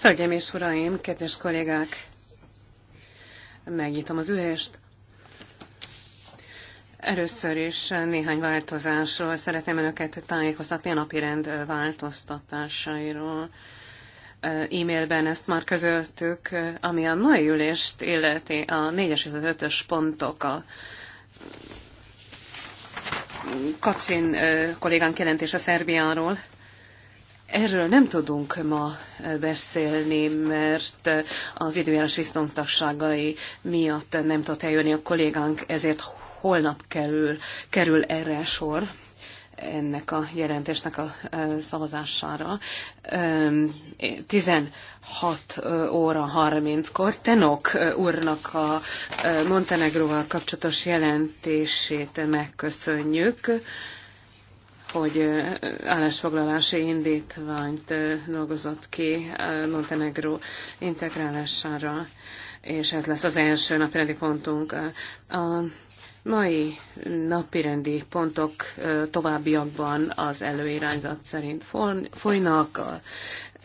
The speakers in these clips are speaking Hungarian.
Hölgyeim és uraim, kedves kollégák, megnyitom az ülést. Először is néhány változásról szeretném önöket tájékoztatni a napirend változtatásairól. E, e-mailben ezt már közöltük, ami a mai ülést illeti a 4-es és az 5-ös pontok a Kacin e, kollégánk jelentése Szerbiáról Erről nem tudunk ma beszélni, mert az időjárás viszontagságai miatt nem tud eljönni a kollégánk, ezért holnap kerül, kerül erre sor ennek a jelentésnek a szavazására. 16 óra 30-kor Tenok úrnak a Montenegróval kapcsolatos jelentését megköszönjük hogy állásfoglalási indítványt dolgozott ki Montenegro integrálására, és ez lesz az első napirendi pontunk. A mai napirendi pontok továbbiakban az előirányzat szerint folynak, a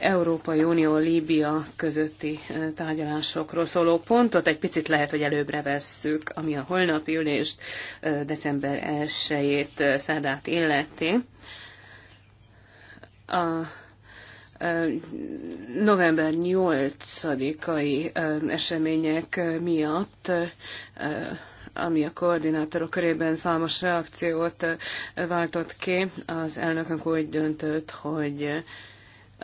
Európai Unió Líbia közötti tárgyalásokról szóló pontot. Egy picit lehet, hogy előbbre vesszük, ami a holnapi ülést december 1-ét szerdát illeti. A november 8-ai események miatt ami a koordinátorok körében számos reakciót váltott ki. Az elnökünk úgy döntött, hogy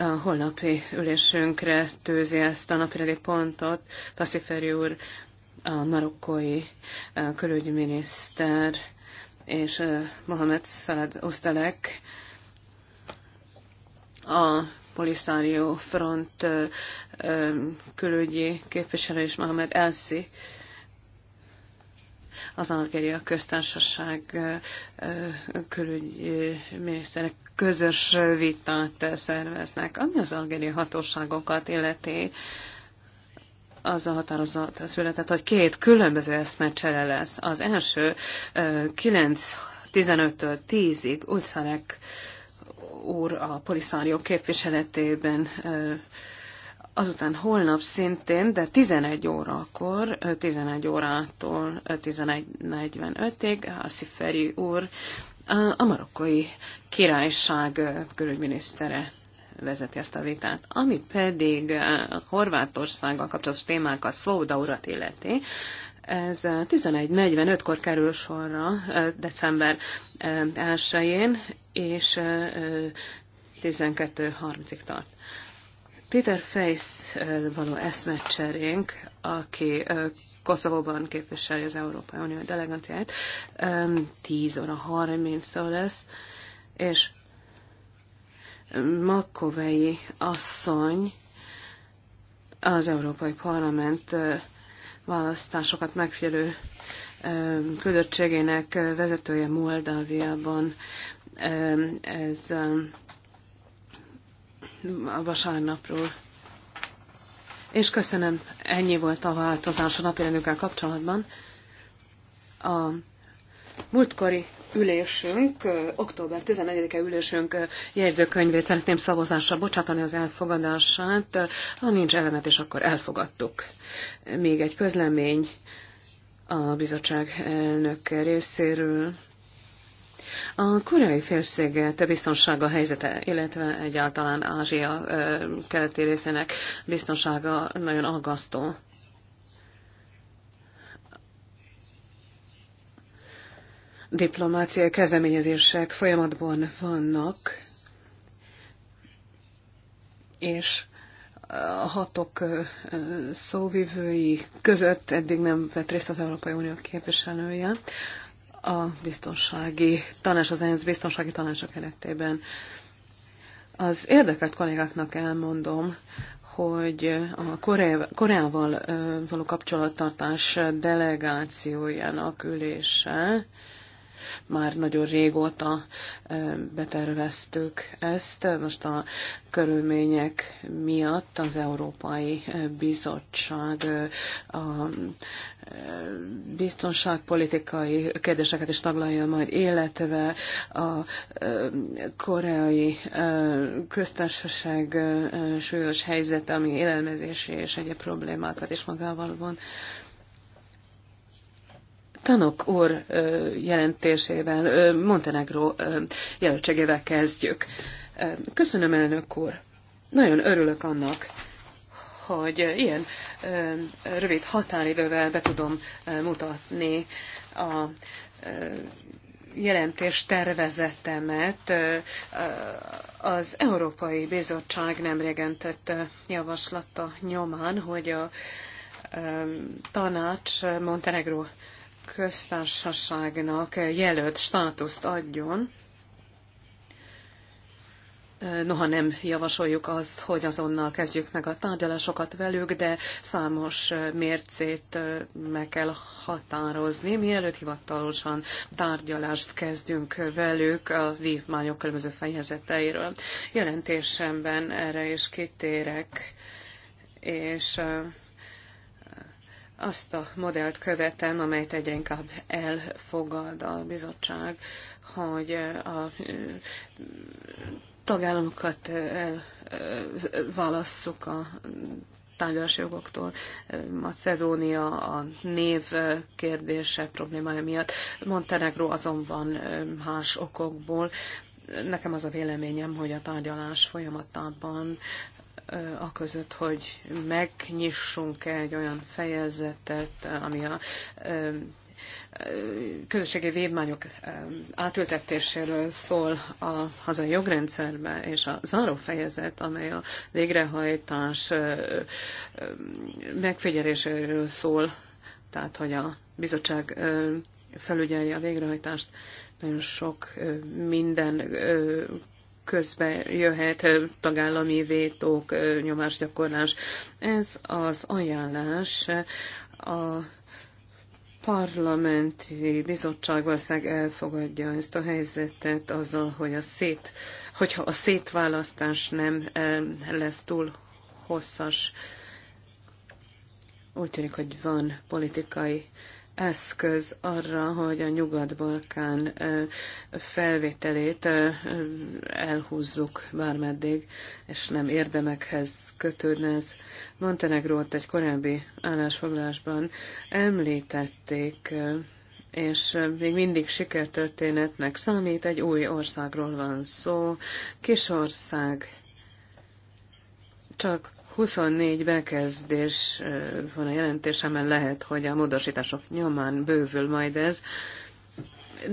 a holnapi ülésünkre tűzi ezt a napirendi pontot. Pasziferi úr, a marokkói külügyminiszter és Mohamed Szalad Osztelek, a Polisztárió Front külügyi képviselő és Mohamed Elsi, az Algéria köztársaság külügyminiszterek közös vitát szerveznek. Ami az algeri hatóságokat illeti, az a határozat született, hogy két különböző eszmecsere lesz. Az első 9-15-től 10-ig Ulszarek úr a poliszárió képviseletében azután holnap szintén, de 11 órakor, 11 órától 11.45-ig Hassi Feri úr a marokkai királyság külügyminisztere vezeti ezt a vitát. Ami pedig Horvátországgal kapcsolatos témákat Svoboda urat illeti, ez 11.45-kor kerül sorra december 1-én, és 12.30-ig tart. Peter Face való eszmecserénk, aki Koszovóban képviseli az Európai Unió delegáciáját, 10 óra 30 lesz, és Makovei asszony az Európai Parlament választásokat megfigyelő küldöttségének vezetője Moldáviában. Ez a vasárnapról. És köszönöm, ennyi volt a változás a napi kapcsolatban. A múltkori ülésünk, október 14-e ülésünk jegyzőkönyvét szeretném szavazásra bocsátani az elfogadását. Ha nincs elemet, és akkor elfogadtuk. Még egy közlemény a bizottság elnök részéről. A koreai te biztonsága helyzete, illetve egyáltalán Ázsia keleti részének biztonsága nagyon aggasztó. Diplomáciai kezdeményezések folyamatban vannak, és a hatok szóvivői között eddig nem vett részt az Európai Unió képviselője a biztonsági tanács, az ENSZ biztonsági tanácsa keretében. Az érdekelt kollégáknak elmondom, hogy a Koreával való kapcsolattartás delegációjának ülése már nagyon régóta beterveztük ezt. Most a körülmények miatt az Európai Bizottság a biztonságpolitikai kérdéseket is taglalja majd, életve a koreai köztársaság súlyos helyzete, ami élelmezési és egyéb problémákat is magával von. Tanok úr jelentésében Montenegro jelöltségével kezdjük. Köszönöm, elnök úr. Nagyon örülök annak, hogy ilyen rövid határidővel be tudom mutatni a jelentés tervezetemet az Európai Bizottság nemrégen tett javaslata nyomán, hogy a tanács Montenegro köztársaságnak jelölt státuszt adjon. Noha nem javasoljuk azt, hogy azonnal kezdjük meg a tárgyalásokat velük, de számos mércét meg kell határozni. Mielőtt hivatalosan tárgyalást kezdünk velük a vívmányok különböző fejezeteiről. Jelentésemben erre is kitérek, és azt a modellt követem, amelyet egyre inkább elfogad a bizottság, hogy a tagállamokat elválasszuk a tárgyalási jogoktól. Macedónia a név kérdése problémája miatt, Montenegro azonban más okokból. Nekem az a véleményem, hogy a tárgyalás folyamatában a között, hogy megnyissunk egy olyan fejezetet, ami a közösségi vívmányok átültetéséről szól a hazai jogrendszerbe, és a záró fejezet, amely a végrehajtás megfigyeléséről szól, tehát hogy a bizottság felügyelje a végrehajtást, nagyon sok minden közbe jöhet tagállami vétók, nyomásgyakorlás. Ez az ajánlás a parlamenti bizottság ország elfogadja ezt a helyzetet azzal, hogy a szét, hogyha a szétválasztás nem lesz túl hosszas, úgy tűnik, hogy van politikai eszköz arra, hogy a Nyugat-Balkán felvételét elhúzzuk bármeddig, és nem érdemekhez kötődne ez. Montenegrót egy korábbi állásfoglalásban említették, és még mindig sikertörténetnek számít, egy új országról van szó, kis ország, csak 24 bekezdés van a jelentésemben, lehet, hogy a módosítások nyomán bővül majd ez.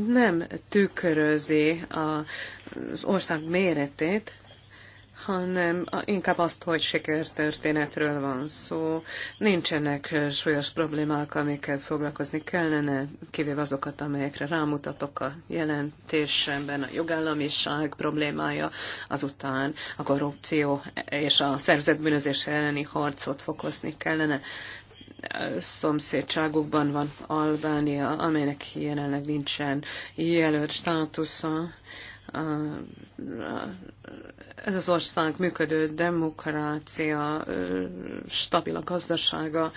Nem tükrözi az ország méretét, hanem inkább azt, hogy sikertörténetről van szó. Nincsenek súlyos problémák, amikkel foglalkozni kellene, kivéve azokat, amelyekre rámutatok a jelentésemben, a jogállamiság problémája, azután a korrupció és a szervezetbűnözés elleni harcot fokozni kellene. Szomszédságukban van Albánia, amelynek jelenleg nincsen jelölt státusza a, a, ez az ország működő demokrácia, stabil a gazdasága,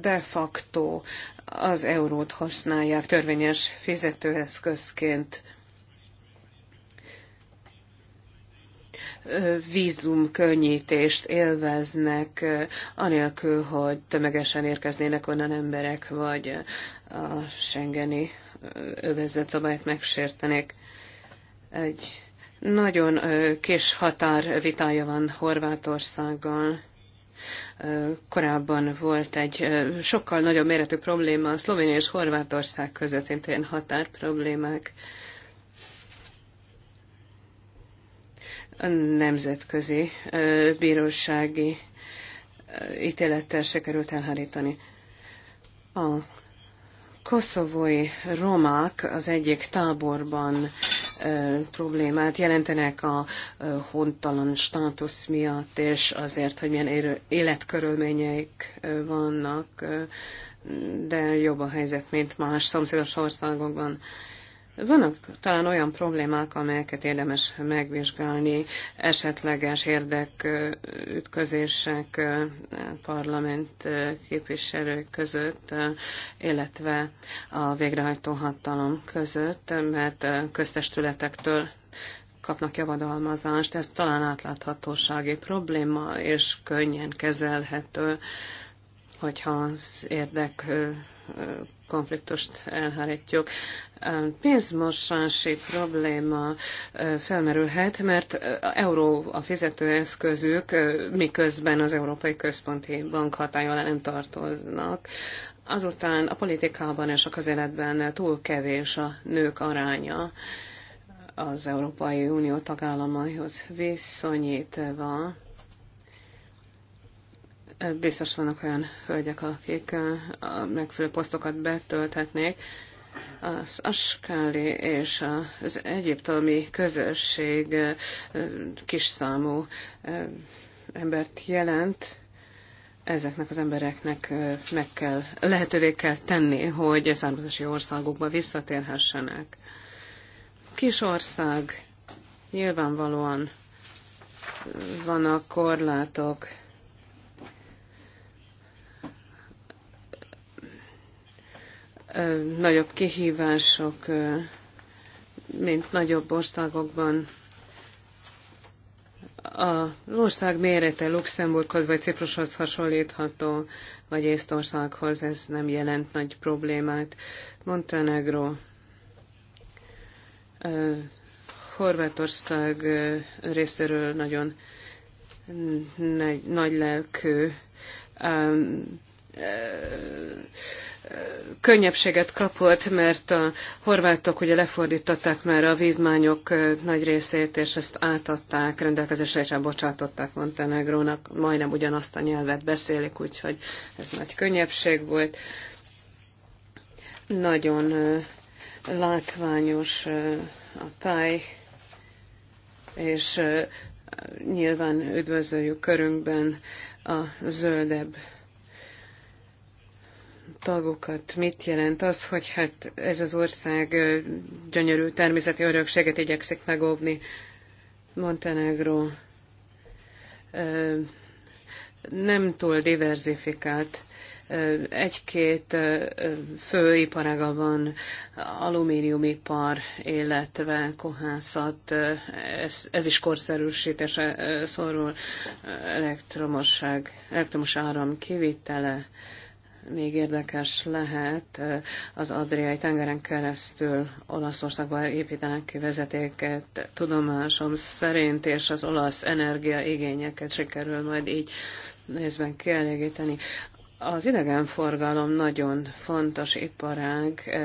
de facto az eurót használják törvényes fizetőeszközként. vízum könnyítést élveznek, anélkül, hogy tömegesen érkeznének onnan emberek, vagy a Schengeni övezet szabályt megsértenék. Egy nagyon kis határ vitája van Horvátországgal. Korábban volt egy sokkal nagyobb méretű probléma a Szlovénia és Horvátország között, szintén határ problémák. A nemzetközi bírósági ítélettel se került elhárítani. A koszovói romák az egyik táborban problémát jelentenek a hontalan státusz miatt, és azért, hogy milyen életkörülményeik vannak, de jobb a helyzet, mint más szomszédos országokban. Vannak talán olyan problémák, amelyeket érdemes megvizsgálni, esetleges érdekütközések parlament képviselők között, illetve a végrehajtó hatalom között, mert köztestületektől kapnak javadalmazást, ez talán átláthatósági probléma, és könnyen kezelhető, hogyha az érdek konfliktust elhárítjuk. Pénzmosási probléma felmerülhet, mert euró a fizetőeszközük, miközben az Európai Központi Bank hatája alá nem tartoznak. Azután a politikában és a közéletben túl kevés a nők aránya az Európai Unió tagállamaihoz viszonyítva biztos vannak olyan hölgyek, akik a megfelelő posztokat betölthetnék. Az askáli és az egyiptomi közösség kis számú embert jelent, ezeknek az embereknek meg kell, lehetővé kell tenni, hogy származási országokba visszatérhessenek. Kis ország, nyilvánvalóan vannak korlátok, nagyobb kihívások, mint nagyobb országokban. A ország mérete Luxemburghoz vagy Ciprushoz hasonlítható, vagy Észtországhoz, ez nem jelent nagy problémát. Montenegro, Horvátország részéről nagyon nagy, nagy lelkű könnyebbséget kapott, mert a horvátok ugye lefordították már a vívmányok nagy részét, és ezt átadták, rendelkezésre is elbocsátották Montenegrónak, majdnem ugyanazt a nyelvet beszélik, úgyhogy ez nagy könnyebbség volt. Nagyon látványos a táj, és nyilván üdvözöljük körünkben a zöldebb tagokat mit jelent az, hogy hát ez az ország gyönyörű természeti örökséget igyekszik megóvni. Montenegro nem túl diverzifikált. Egy-két fő iparága van, alumíniumipar, illetve kohászat, ez, ez is korszerűsítése szorul, elektromosság, elektromos áram kivitele, még érdekes lehet, az Adriai tengeren keresztül Olaszországba építenek ki vezetéket, tudomásom szerint, és az olasz energiaigényeket sikerül majd így nézben kielégíteni. Az idegenforgalom nagyon fontos iparág,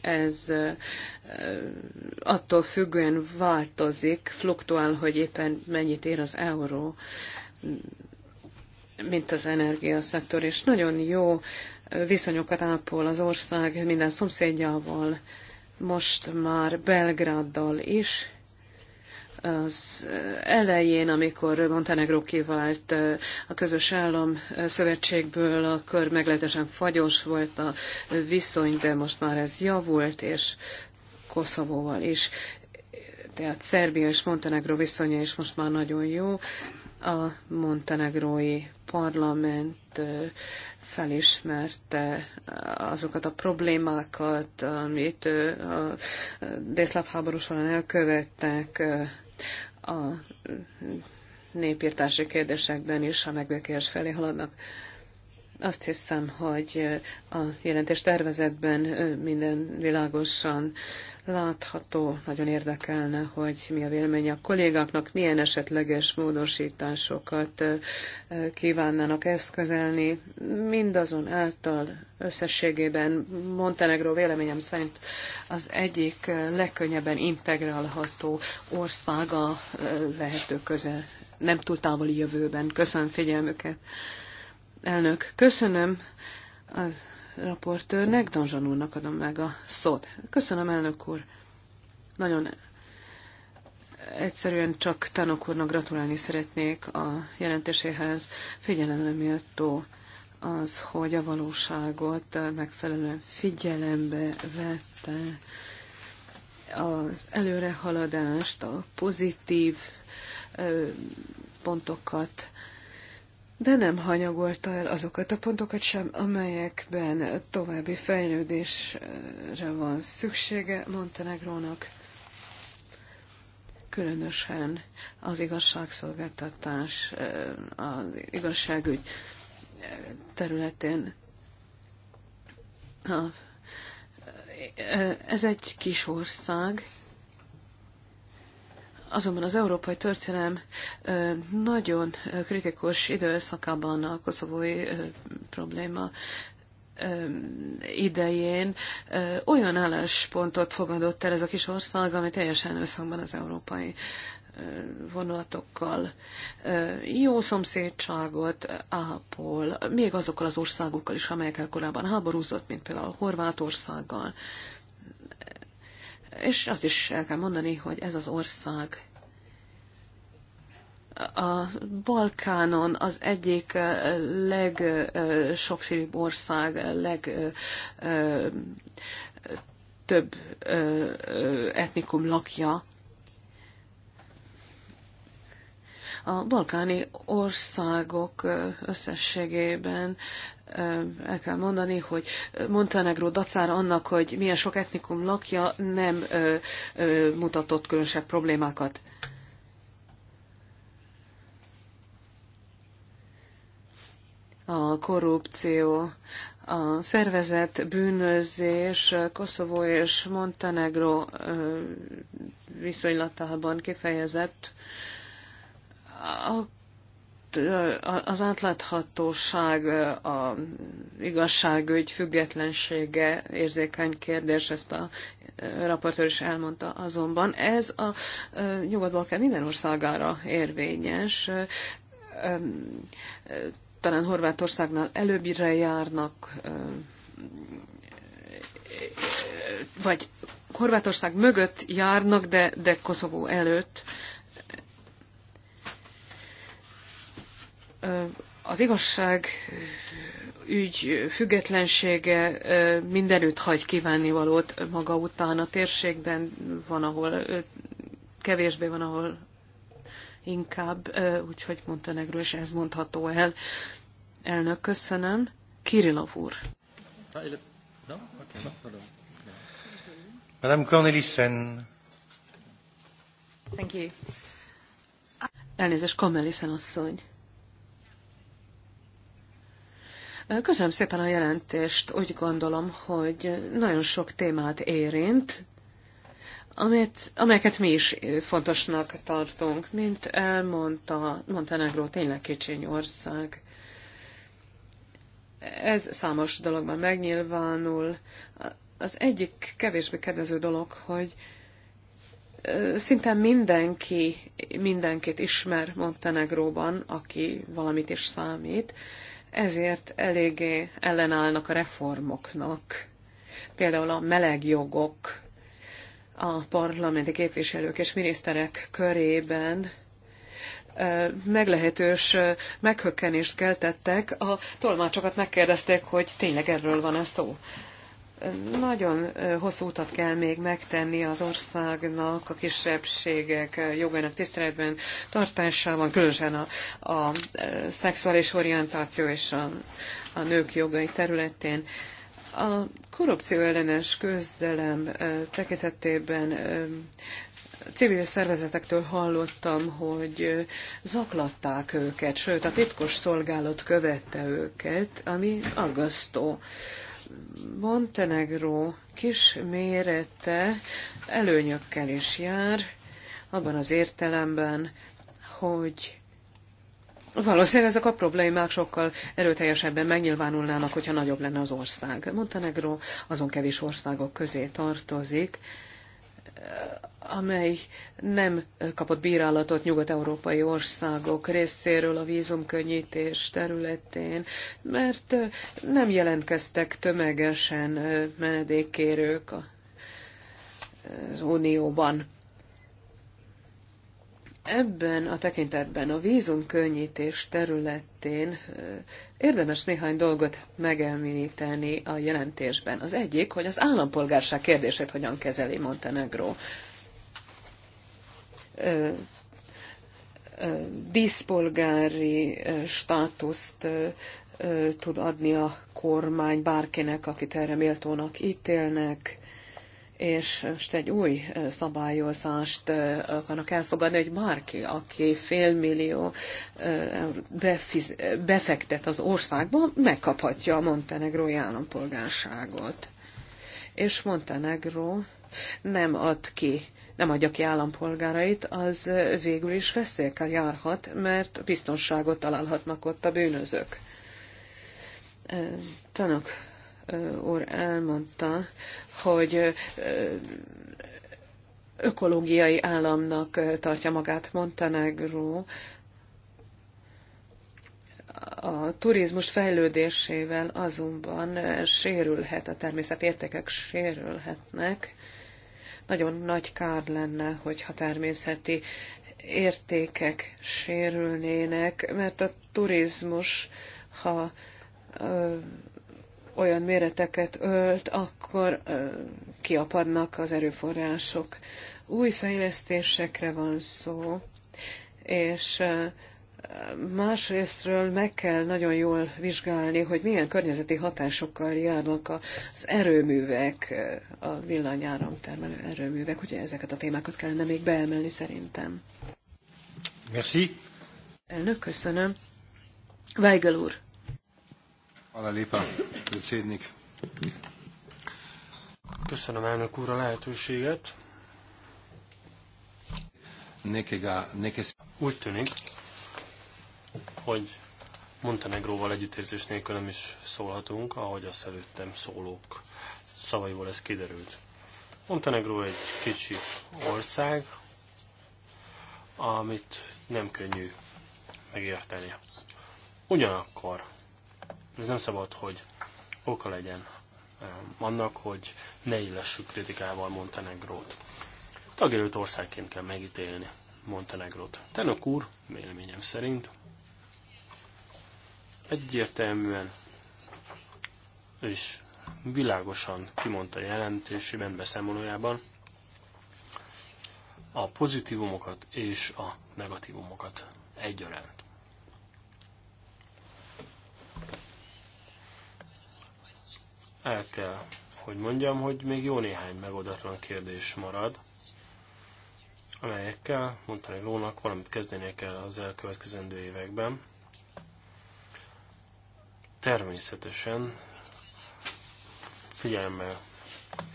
ez attól függően változik, fluktuál, hogy éppen mennyit ér az euró mint az energiaszektor, és nagyon jó viszonyokat ápol az ország minden szomszédjával, most már Belgráddal is. Az elején, amikor Montenegro kivált a közös állam szövetségből, akkor meglehetősen fagyos volt a viszony, de most már ez javult, és Koszovóval is tehát Szerbia és Montenegro viszonya is most már nagyon jó. A montenegrói parlament felismerte azokat a problémákat, amit a délszláv háború során elkövettek a népírtási kérdésekben is, ha megbékélés felé haladnak. Azt hiszem, hogy a jelentés tervezetben minden világosan látható, nagyon érdekelne, hogy mi a vélemény a kollégáknak, milyen esetleges módosításokat kívánnának eszközelni. Mindazon által összességében Montenegro véleményem szerint az egyik legkönnyebben integrálható országa lehető közel, nem túl távoli jövőben. Köszönöm figyelmüket. Elnök, köszönöm. Az raportőrnek, Donzsan úrnak adom meg a szót. Köszönöm, elnök úr. Nagyon egyszerűen csak Tanok úrnak gratulálni szeretnék a jelentéséhez. Figyelemre méltó az, hogy a valóságot megfelelően figyelembe vette az előrehaladást, a pozitív pontokat, de nem hanyagolta el azokat a pontokat sem, amelyekben további fejlődésre van szüksége Montenegrónak, különösen az igazságszolgáltatás, eh, az igazságügy eh, területén. Eh, ez egy kis ország, Azonban az európai történelem nagyon kritikus időszakában a koszovói probléma idején olyan álláspontot fogadott el ez a kis ország, ami teljesen összhangban az európai vonulatokkal, jó szomszédságot ápol, még azokkal az országokkal is, amelyekkel korábban háborúzott, mint például Horvátországgal. És azt is el kell mondani, hogy ez az ország a Balkánon az egyik eh, legsokszínűbb ország, leg eh, eh, több etnikum lakja. A balkáni országok összességében el kell mondani, hogy Montenegro dacára annak, hogy milyen sok etnikum lakja, nem mutatott különösebb problémákat. A korrupció, a szervezet bűnözés Koszovó és Montenegro viszonylatában kifejezett a az átláthatóság, a igazságügy függetlensége érzékeny kérdés, ezt a raportőr is elmondta azonban. Ez a nyugat-balkán minden országára érvényes. Talán Horvátországnál előbbire járnak, vagy Horvátország mögött járnak, de, de Koszovó előtt az igazság ügy függetlensége mindenütt hagy valót maga után a térségben, van, ahol kevésbé van, ahol inkább, úgyhogy Montenegro is ez mondható el. Elnök, köszönöm. Kirilov úr. Madame Cornelissen. Thank you. Elnézést, Cornelissen asszony. Köszönöm szépen a jelentést. Úgy gondolom, hogy nagyon sok témát érint, amelyet, amelyeket mi is fontosnak tartunk. Mint elmondta, Montenegro tényleg kicsiny ország. Ez számos dologban megnyilvánul. Az egyik kevésbé kedvező dolog, hogy szinte mindenki mindenkit ismer Montenegróban, aki valamit is számít, ezért eléggé ellenállnak a reformoknak. Például a meleg jogok a parlamenti képviselők és miniszterek körében meglehetős meghökkenést keltettek. A tolmácsokat megkérdezték, hogy tényleg erről van-e szó. Nagyon hosszú utat kell még megtenni az országnak, a kisebbségek jogainak tiszteletben tartásában, különösen a, a szexuális orientáció és a, a nők jogai területén. A korrupció ellenes közdelem tekintetében civil szervezetektől hallottam, hogy zaklatták őket, sőt a titkos szolgálat követte őket, ami aggasztó. Montenegró kis mérete előnyökkel is jár, abban az értelemben, hogy Valószínűleg ezek a problémák sokkal erőteljesebben megnyilvánulnának, hogyha nagyobb lenne az ország. Montenegro azon kevés országok közé tartozik, amely nem kapott bírálatot nyugat-európai országok részéről a vízumkönnyítés területén, mert nem jelentkeztek tömegesen menedékkérők az Unióban. Ebben a tekintetben a vízumkönnyítés területén érdemes néhány dolgot megemlíteni a jelentésben. Az egyik, hogy az állampolgárság kérdését hogyan kezeli Montenegro díszpolgári státuszt tud adni a kormány bárkinek, akit erre méltónak ítélnek és most egy új szabályozást akarnak elfogadni, hogy bárki, aki félmillió befektet az országba, megkaphatja a montenegrói állampolgárságot. És Montenegró nem ad ki nem adja ki állampolgárait, az végül is veszélyekkel járhat, mert biztonságot találhatnak ott a bűnözők. Tanok úr elmondta, hogy ökológiai államnak tartja magát Montenegro. a turizmus fejlődésével azonban sérülhet, a természet értékek sérülhetnek, nagyon nagy kár lenne, hogyha természeti értékek sérülnének, mert a turizmus, ha ö, olyan méreteket ölt, akkor ö, kiapadnak az erőforrások. Új fejlesztésekre van szó, és ö, Másrésztről meg kell nagyon jól vizsgálni, hogy milyen környezeti hatásokkal járnak az erőművek, a villanyáram termelő erőművek. Ugye ezeket a témákat kellene még beemelni szerintem. Merci. Elnök, köszönöm. Weigel úr. Hvala lepa, Köszönöm elnök úr a lehetőséget. Nekega, nekes... Úgy tűnik, hogy Montenegróval együttérzés nélkül nem is szólhatunk, ahogy azt előttem szólók szavaiból ez kiderült. Montenegró egy kicsi ország, amit nem könnyű megérteni. Ugyanakkor ez nem szabad, hogy oka legyen annak, hogy ne illessük kritikával Montenegrót. Tagjelölt országként kell megítélni Montenegrót. Tenok úr, véleményem szerint, Egyértelműen és világosan kimondta jelentésében, beszámolójában a pozitívumokat és a negatívumokat egyaránt. El kell, hogy mondjam, hogy még jó néhány megoldatlan kérdés marad, amelyekkel Lónak, valamit kezdenie kell az elkövetkezendő években. Természetesen figyelemmel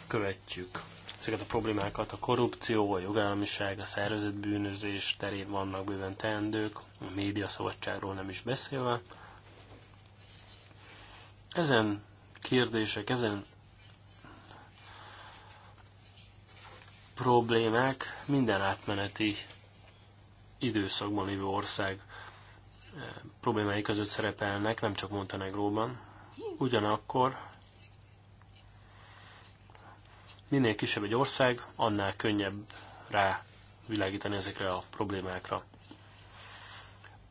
követjük ezeket a problémákat. A korrupció, a jogállamiság, a szervezetbűnözés terén vannak bőven teendők, a média szabadságról nem is beszélve. Ezen kérdések, ezen problémák minden átmeneti időszakban lévő ország problémái között szerepelnek, nem csak Montenegróban. Ugyanakkor minél kisebb egy ország, annál könnyebb rá világítani ezekre a problémákra.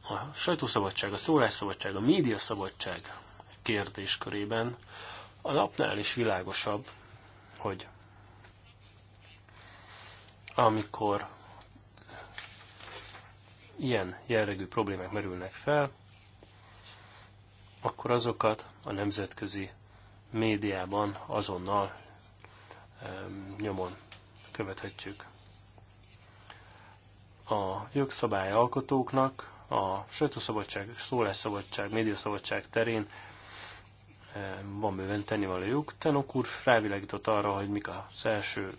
A sajtószabadság, a szólásszabadság, a médiaszabadság kérdéskörében a napnál is világosabb, hogy amikor ilyen jellegű problémák merülnek fel, akkor azokat a nemzetközi médiában azonnal nyomon követhetjük. A jogszabály alkotóknak a sajtószabadság, szólásszabadság, médiaszabadság terén van bőven tennivalójuk. Tenok úr rávilágított arra, hogy mik az első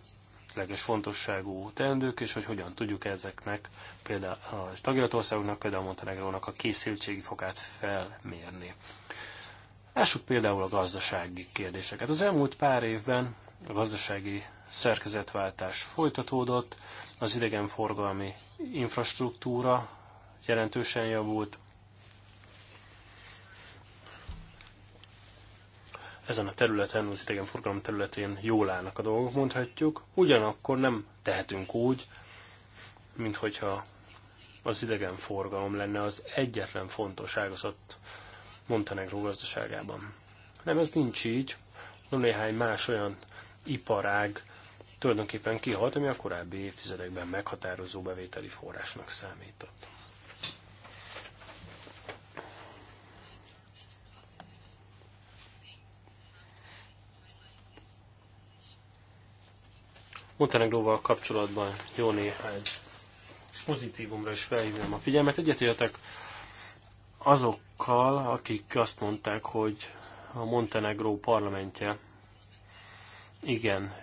elsődleges fontosságú teendők, és hogy hogyan tudjuk ezeknek, például a tagjelölt országoknak, például Montenegrónak a készültségi fokát felmérni. Lássuk például a gazdasági kérdéseket. Az elmúlt pár évben a gazdasági szerkezetváltás folytatódott, az idegenforgalmi infrastruktúra jelentősen javult, ezen a területen, az idegenforgalom területén jól állnak a dolgok, mondhatjuk, ugyanakkor nem tehetünk úgy, mint hogyha az idegenforgalom lenne az egyetlen fontos ágazat Montenegro gazdaságában. Nem, ez nincs így. Van néhány más olyan iparág tulajdonképpen kihalt, ami a korábbi évtizedekben meghatározó bevételi forrásnak számított. Montenegróval kapcsolatban jó néhány pozitívumra is felhívnám a figyelmet. Egyetértek azokkal, akik azt mondták, hogy a Montenegró parlamentje igen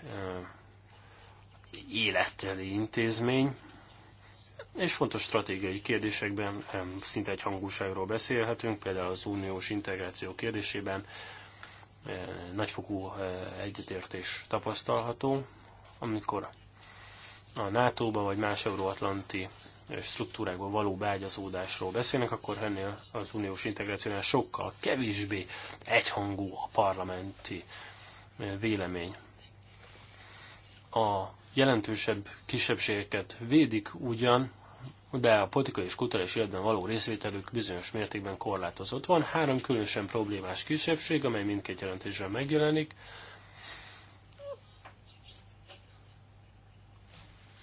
életteli intézmény, és fontos stratégiai kérdésekben szinte egy hangúságról beszélhetünk, például az uniós integráció kérdésében nagyfokú egyetértés tapasztalható amikor a NATO-ba vagy más euróatlanti struktúrákba való beágyazódásról beszélnek, akkor ennél az uniós integrációnál sokkal kevésbé egyhangú a parlamenti vélemény. A jelentősebb kisebbségeket védik ugyan, de a politikai és kulturális életben való részvételük bizonyos mértékben korlátozott. Van három különösen problémás kisebbség, amely mindkét jelentésben megjelenik.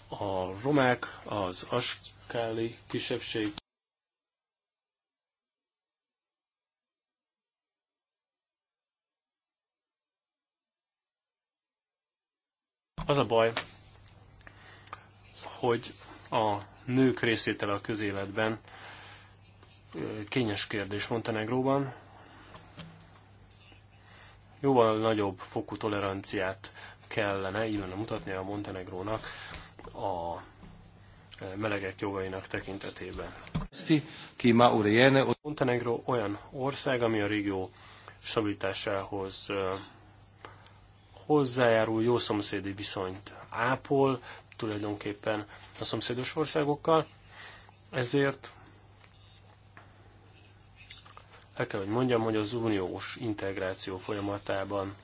a romák, az askáli kisebbség, Az a baj, hogy a nők részétele a közéletben kényes kérdés Montenegróban. Jóval nagyobb fokú toleranciát kellene, illene mutatnia a Montenegrónak a melegek jogainak tekintetében. Montenegro olyan ország, ami a régió stabilitásához hozzájárul, jó szomszédi viszonyt ápol tulajdonképpen a szomszédos országokkal, ezért el kell, hogy mondjam, hogy az uniós integráció folyamatában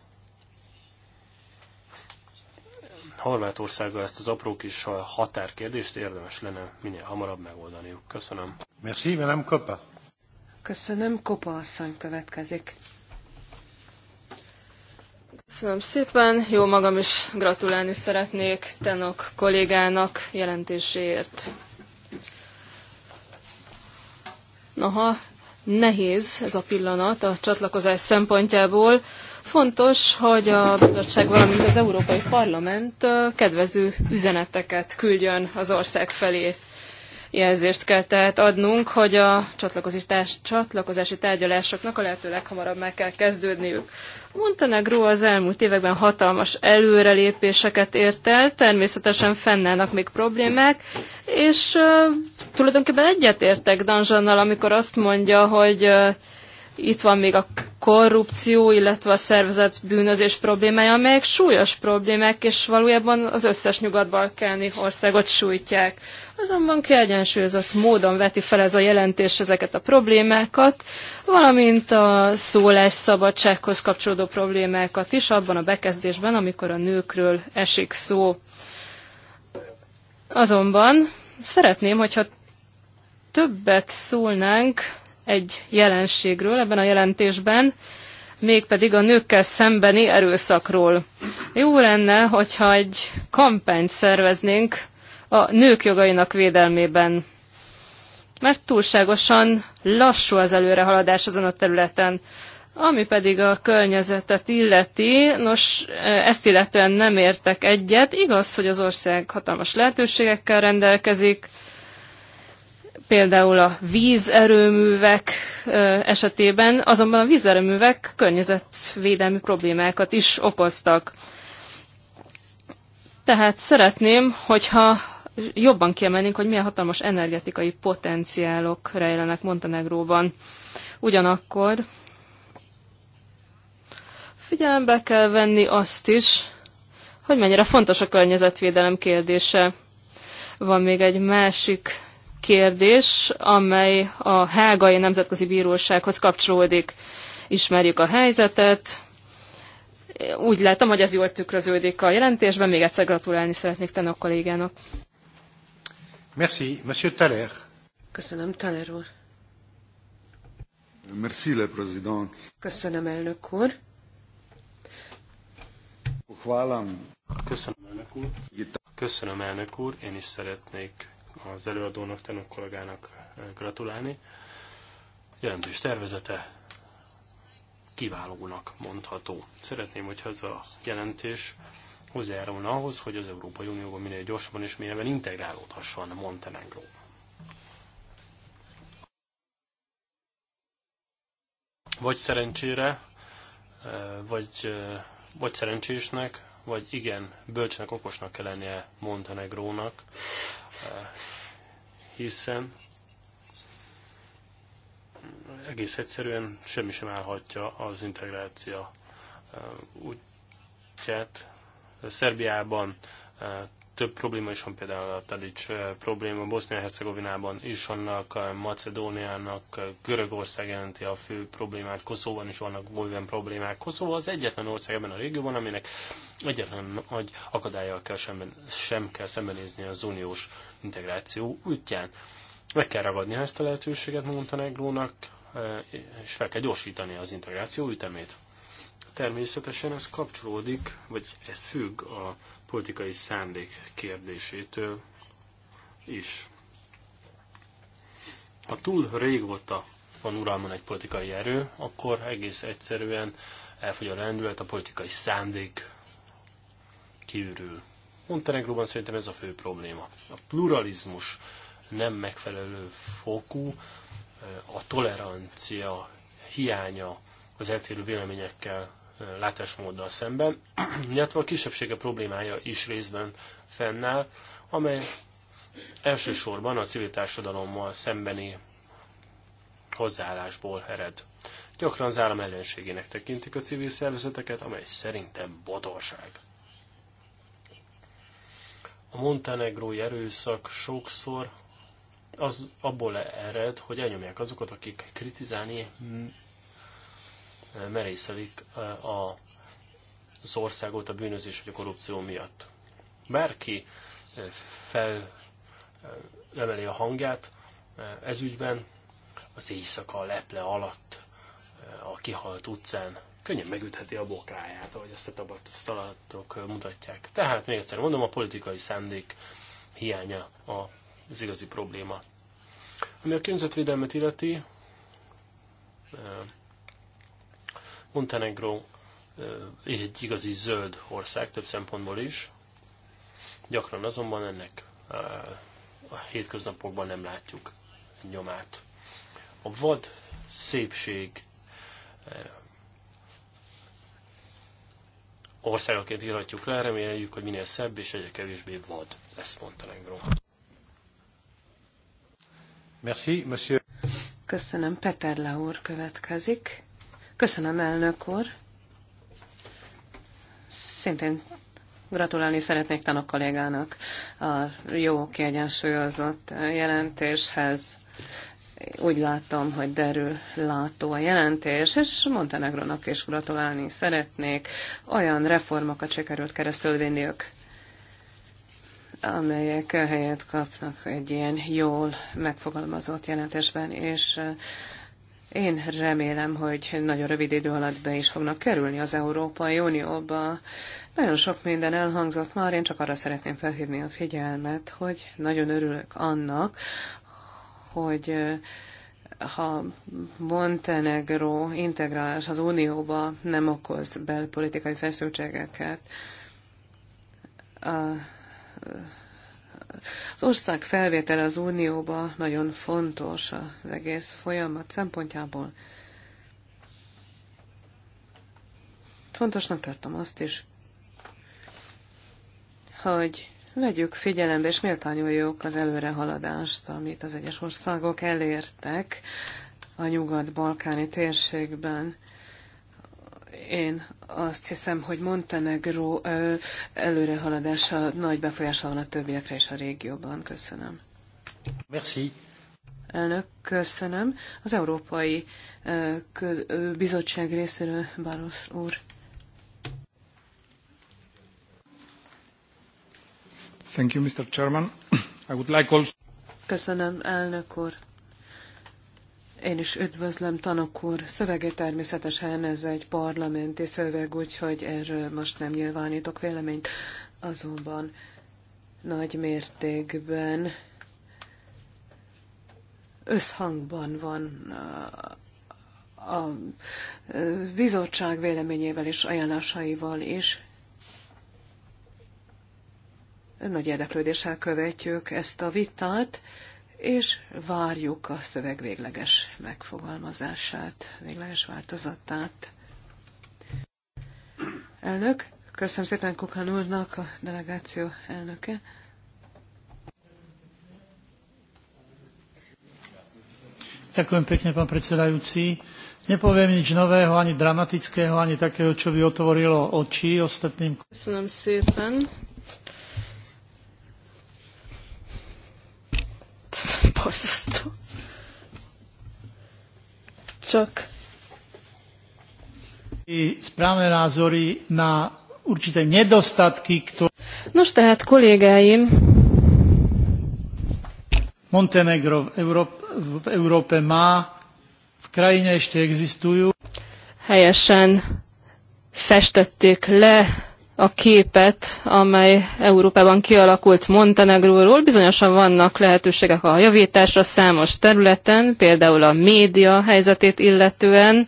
Horvátországgal ezt az apró kis határkérdést érdemes lenne minél hamarabb megoldaniuk. Köszönöm. Merci, velem Kopa. Köszönöm, Kopa asszony következik. Köszönöm szépen, jó magam is gratulálni szeretnék Tenok kollégának jelentéséért. Noha nehéz ez a pillanat a csatlakozás szempontjából, Fontos, hogy a bizottság, valamint az Európai Parlament kedvező üzeneteket küldjön az ország felé. Jelzést kell tehát adnunk, hogy a csatlakozási tárgyalásoknak a lehető leghamarabb meg kell kezdődniük. Montenegro az elmúlt években hatalmas előrelépéseket ért el, természetesen fennállnak még problémák, és uh, tulajdonképpen egyetértek Danzsannal, amikor azt mondja, hogy uh, itt van még a korrupció, illetve a szervezet bűnözés problémája, amelyek súlyos problémák, és valójában az összes nyugat-balkáni országot sújtják. Azonban kiegyensúlyozott módon veti fel ez a jelentés ezeket a problémákat, valamint a szólásszabadsághoz kapcsolódó problémákat is abban a bekezdésben, amikor a nőkről esik szó. Azonban szeretném, hogyha többet szólnánk egy jelenségről ebben a jelentésben, mégpedig a nőkkel szembeni erőszakról. Jó lenne, hogyha egy kampányt szerveznénk a nők jogainak védelmében, mert túlságosan lassú az előrehaladás azon a területen. Ami pedig a környezetet illeti, nos, ezt illetően nem értek egyet. Igaz, hogy az ország hatalmas lehetőségekkel rendelkezik, például a vízerőművek esetében, azonban a vízerőművek környezetvédelmi problémákat is okoztak. Tehát szeretném, hogyha jobban kiemelnénk, hogy milyen hatalmas energetikai potenciálok rejlenek Montenegróban. Ugyanakkor figyelembe kell venni azt is, hogy mennyire fontos a környezetvédelem kérdése. Van még egy másik kérdés, amely a Hágai Nemzetközi Bírósághoz kapcsolódik. Ismerjük a helyzetet. Úgy látom, hogy ez jól tükröződik a jelentésben. Még egyszer gratulálni szeretnék tenni a kollégának. Merci, Monsieur Taler. Köszönöm, Taler úr. Merci, le président. Köszönöm, elnök úr. Köszönöm, elnök úr. Köszönöm, elnök úr. Én is szeretnék az előadónak, tanúk kollégának gratulálni. Jelentős tervezete kiválónak mondható. Szeretném, hogyha ez a jelentés hozzájárulna ahhoz, hogy az Európai Unióban minél gyorsabban és mélyebben integrálódhasson Montenegro. Vagy szerencsére, vagy, vagy szerencsésnek, vagy igen, bölcsnek, okosnak kell lennie Montenegrónak, eh, hiszen egész egyszerűen semmi sem állhatja az integráció eh, útját. Szerbiában eh, több probléma is van, például a Tadics eh, probléma Bosznia-Hercegovinában is, annak Macedóniának eh, Görögország jelenti a fő problémát, Koszovban is vannak olyan problémák. Koszova az egyetlen ország ebben a régióban, aminek egyetlen nagy akadályjal kell sem, sem kell szembenézni az uniós integráció útján. Meg kell ragadni ezt a lehetőséget Montenegrónak, eh, és fel kell gyorsítani az integráció ütemét. Természetesen ez kapcsolódik, vagy ez függ a politikai szándék kérdésétől is. Ha túl régóta van uralmon egy politikai erő, akkor egész egyszerűen elfogy a rendület, a politikai szándék kiürül. Montenegróban szerintem ez a fő probléma. A pluralizmus nem megfelelő fokú, a tolerancia hiánya az eltérő véleményekkel látásmóddal szemben, illetve a kisebbsége problémája is részben fennáll, amely elsősorban a civil társadalommal szembeni hozzáállásból ered. Gyakran az állam ellenségének tekintik a civil szervezeteket, amely szerintem bodorság. A montenegrói erőszak sokszor az abból ered, hogy elnyomják azokat, akik kritizálni merészelik az országot a bűnözés vagy a korrupció miatt. Bárki felemeli a hangját ez ügyben, az éjszaka leple alatt a kihalt utcán könnyen megütheti a bokáját, ahogy ezt a tapasztalatok mutatják. Tehát még egyszer mondom, a politikai szándék hiánya az igazi probléma. Ami a környezetvédelmet illeti, Montenegro egy igazi zöld ország több szempontból is, gyakran azonban ennek a hétköznapokban nem látjuk nyomát. A vad szépség országaként írhatjuk le, reméljük, hogy minél szebb és egyre kevésbé vad lesz Montenegro. Merci, monsieur. Köszönöm, Peter Laur következik. Köszönöm, elnök úr. Szintén gratulálni szeretnék tanok kollégának a jó kiegyensúlyozott jelentéshez. Úgy látom, hogy derül látó a jelentés, és Montenegrónak is gratulálni szeretnék. Olyan reformokat sikerült keresztül vinniük, amelyek helyet kapnak egy ilyen jól megfogalmazott jelentésben, és én remélem, hogy nagyon rövid idő alatt be is fognak kerülni az Európai Unióba. Nagyon sok minden elhangzott már, én csak arra szeretném felhívni a figyelmet, hogy nagyon örülök annak, hogy eh, ha Montenegro integrálás az Unióba nem okoz belpolitikai feszültségeket, a az ország felvétele az Unióba nagyon fontos az egész folyamat szempontjából. Fontosnak tartom azt is, hogy vegyük figyelembe és méltányoljuk az előrehaladást, amit az egyes országok elértek a nyugat-balkáni térségben. Én azt hiszem, hogy Montenegro előrehaladása nagy befolyással van a többiekre és a régióban. Köszönöm. Merci. Elnök, köszönöm. Az Európai Bizottság részéről Báros úr. Thank you, Mr. Chairman. I would like also... Köszönöm, elnök úr. Én is üdvözlöm tanok úr szövege, természetesen ez egy parlamenti szöveg, úgyhogy erről most nem nyilvánítok véleményt, azonban nagy mértékben összhangban van uh, a uh, bizottság véleményével és ajánlásaival is. Nagy érdeklődéssel követjük ezt a vitát, és várjuk a szöveg végleges megfogalmazását, végleges változatát. Elnök, köszönöm szépen Kukán úrnak, a delegáció elnöke. Ďakujem pekne, pán predsedajúci. Nepoviem nič nového, ani dramatického, ani takého, čo by otvorilo oči ostatným. Köszönöm szépen. Borzasztó. Csak správne názory na určité nedostatky, ktoré... Nos tehát kollégáim, Montenegro v, Európ- v Európe má, v krajine ešte existujú. Helyesen festették le a képet, amely Európában kialakult Montenegróról. Bizonyosan vannak lehetőségek a javításra számos területen, például a média helyzetét illetően,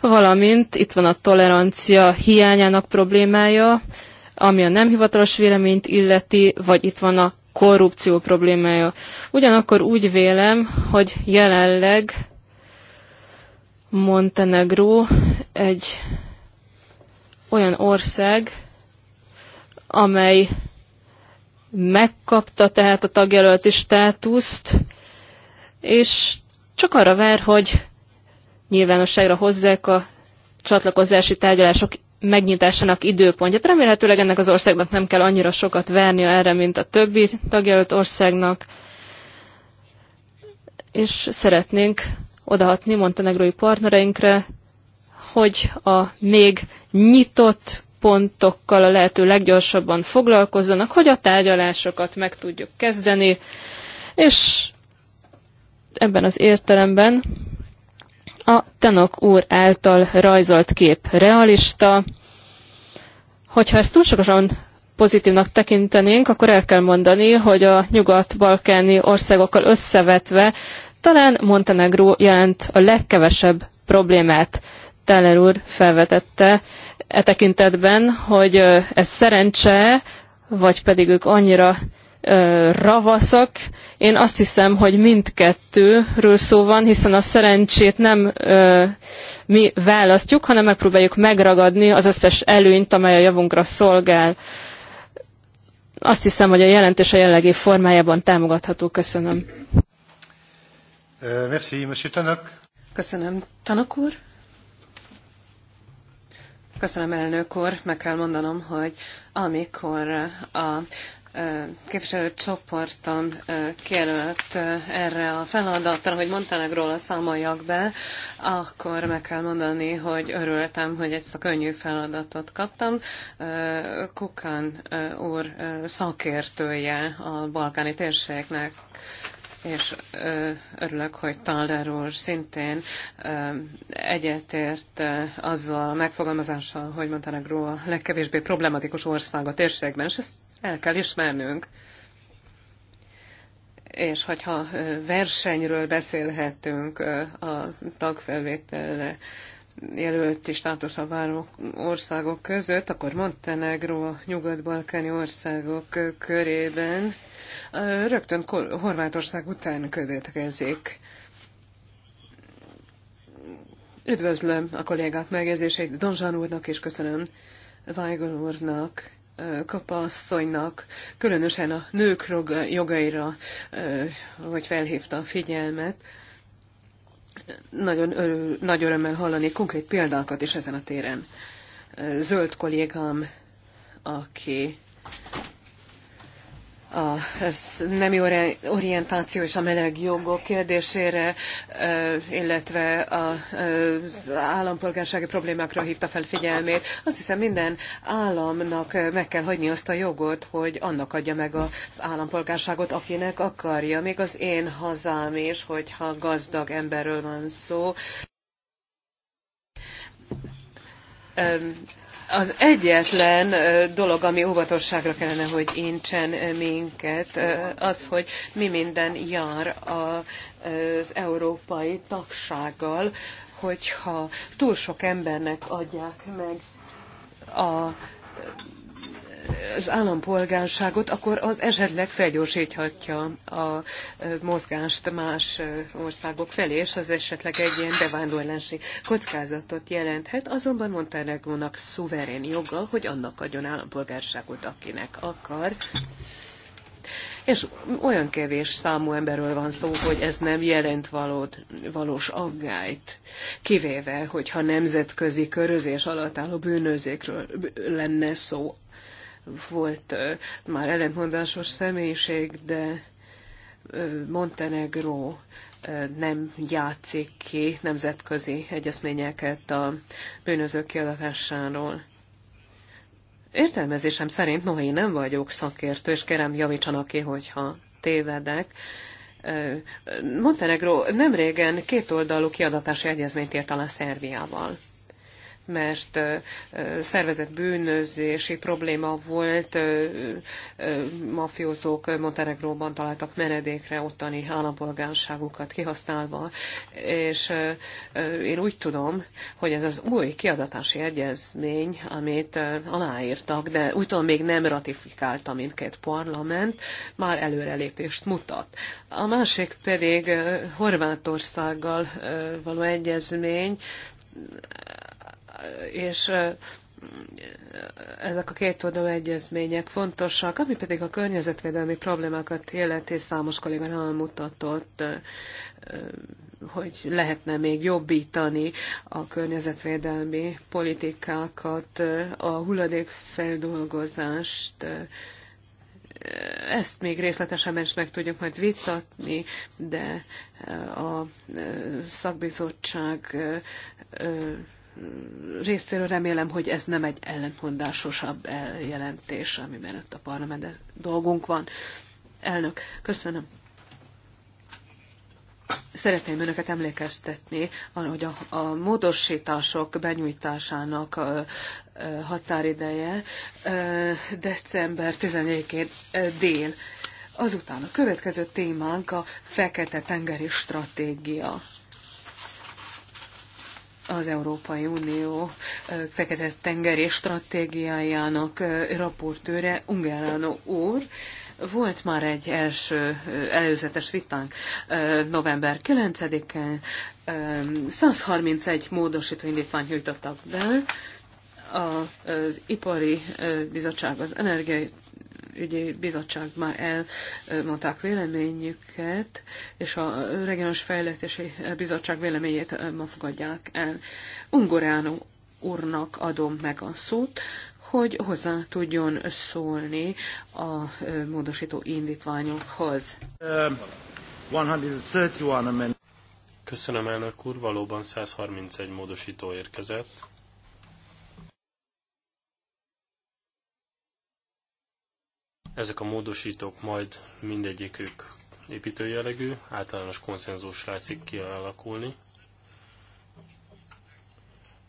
valamint itt van a tolerancia hiányának problémája, ami a nem hivatalos véleményt illeti, vagy itt van a korrupció problémája. Ugyanakkor úgy vélem, hogy jelenleg Montenegró egy olyan ország, amely megkapta tehát a tagjelölti státuszt, és csak arra vár, hogy nyilvánosságra hozzák a csatlakozási tárgyalások megnyitásának időpontját. Remélhetőleg ennek az országnak nem kell annyira sokat várnia erre, mint a többi tagjelölt országnak. És szeretnénk odahatni montenegrói partnereinkre, hogy a még nyitott pontokkal a lehető leggyorsabban foglalkozzanak, hogy a tárgyalásokat meg tudjuk kezdeni, és ebben az értelemben a Tenok úr által rajzolt kép realista. Hogyha ezt sokosan pozitívnak tekintenénk, akkor el kell mondani, hogy a nyugat-balkáni országokkal összevetve talán Montenegró jelent a legkevesebb problémát. Teller úr felvetette e tekintetben, hogy ez szerencse, vagy pedig ők annyira ravaszak. Én azt hiszem, hogy mindkettőről szó van, hiszen a szerencsét nem ö, mi választjuk, hanem megpróbáljuk megragadni az összes előnyt, amely a javunkra szolgál. Azt hiszem, hogy a jelentés a jellegi formájában támogatható. Köszönöm. Merci, Monsieur Tanak. Köszönöm, Tanak úr. Köszönöm, elnök úr. Meg kell mondanom, hogy amikor a képviselőcsoportom kijelölt erre a feladatra, hogy Montenegróról számoljak be, akkor meg kell mondani, hogy örültem, hogy ezt a könnyű feladatot kaptam. Kukan úr szakértője a balkáni térségnek és örülök, hogy Talder úr szintén egyetért azzal a megfogalmazással, hogy Montenegro a legkevésbé problematikus ország a térségben, és ezt el kell ismernünk. És hogyha versenyről beszélhetünk a tagfelvételre, jelölti státusra váró országok között, akkor Montenegro a nyugat-balkáni országok körében rögtön Horvátország után következik. Üdvözlöm a kollégák megjegyzéseit Donzsán úrnak, és köszönöm Weigl úrnak, kapasszonynak, különösen a nők jogaira, hogy felhívta a figyelmet. Nagyon örül, nagy örömmel hallani konkrét példákat is ezen a téren. Zöld kollégám, aki a nemi orientáció és a meleg jogok kérdésére, illetve az állampolgársági problémákra hívta fel figyelmét. Azt hiszem minden államnak meg kell hagyni azt a jogot, hogy annak adja meg az állampolgárságot, akinek akarja. Még az én hazám is, hogyha gazdag emberről van szó az egyetlen dolog, ami óvatosságra kellene, hogy incsen minket, az, hogy mi minden jár az európai tagsággal, hogyha túl sok embernek adják meg a az állampolgárságot, akkor az esetleg felgyorsíthatja a mozgást más országok felé, és az esetleg egy ilyen bevándorlási kockázatot jelenthet, azonban Montenegrónak szuverén joga, hogy annak adjon állampolgárságot, akinek akar. És olyan kevés számú emberről van szó, hogy ez nem jelent valód, valós aggályt, kivéve, hogyha nemzetközi körözés alatt álló bűnözékről lenne szó, volt már ellentmondásos személyiség, de Montenegro nem játszik ki nemzetközi egyezményeket a bűnözők kiadatásáról. Értelmezésem szerint, noha én nem vagyok szakértő, és kérem javítsanak ki, hogyha tévedek, Montenegro nem régen kétoldalú kiadatási egyezményt írt alá Szerbiával mert szervezett bűnözési probléma volt, mafiózók Montenegróban találtak menedékre ottani állampolgárságukat kihasználva, és én úgy tudom, hogy ez az új kiadatási egyezmény, amit aláírtak, de úgy tudom, még nem ratifikálta mindkét parlament, már előrelépést mutat. A másik pedig Horvátországgal való egyezmény, és ezek a két oldalú egyezmények fontosak, ami pedig a környezetvédelmi problémákat illeti számos kolléga elmutatott, hogy lehetne még jobbítani a környezetvédelmi politikákat, a hulladékfeldolgozást, ezt még részletesen is meg tudjuk majd vitatni, de a szakbizottság részéről remélem, hogy ez nem egy ellentmondásosabb jelentés, amiben ott a parlament dolgunk van. Elnök, köszönöm. Szeretném önöket emlékeztetni hogy a, a módosítások benyújtásának a, a határideje december 14-én dél. Azután a következő témánk a Fekete-tengeri stratégia az Európai Unió fekete tengeri stratégiájának raportőre, Ungerano úr. Volt már egy első előzetes vitánk november 9-en, 131 módosító indítványt nyújtottak be, az Ipari Bizottság, az Energiai ügyi bizottság már elmondták véleményüket, és a regionális fejlesztési bizottság véleményét ma fogadják el. Ungoránu úrnak adom meg a szót, hogy hozzá tudjon szólni a módosító indítványokhoz. Köszönöm elnök úr, valóban 131 módosító érkezett Ezek a módosítók majd mindegyikük építőjelegű, általános konszenzus látszik kialakulni,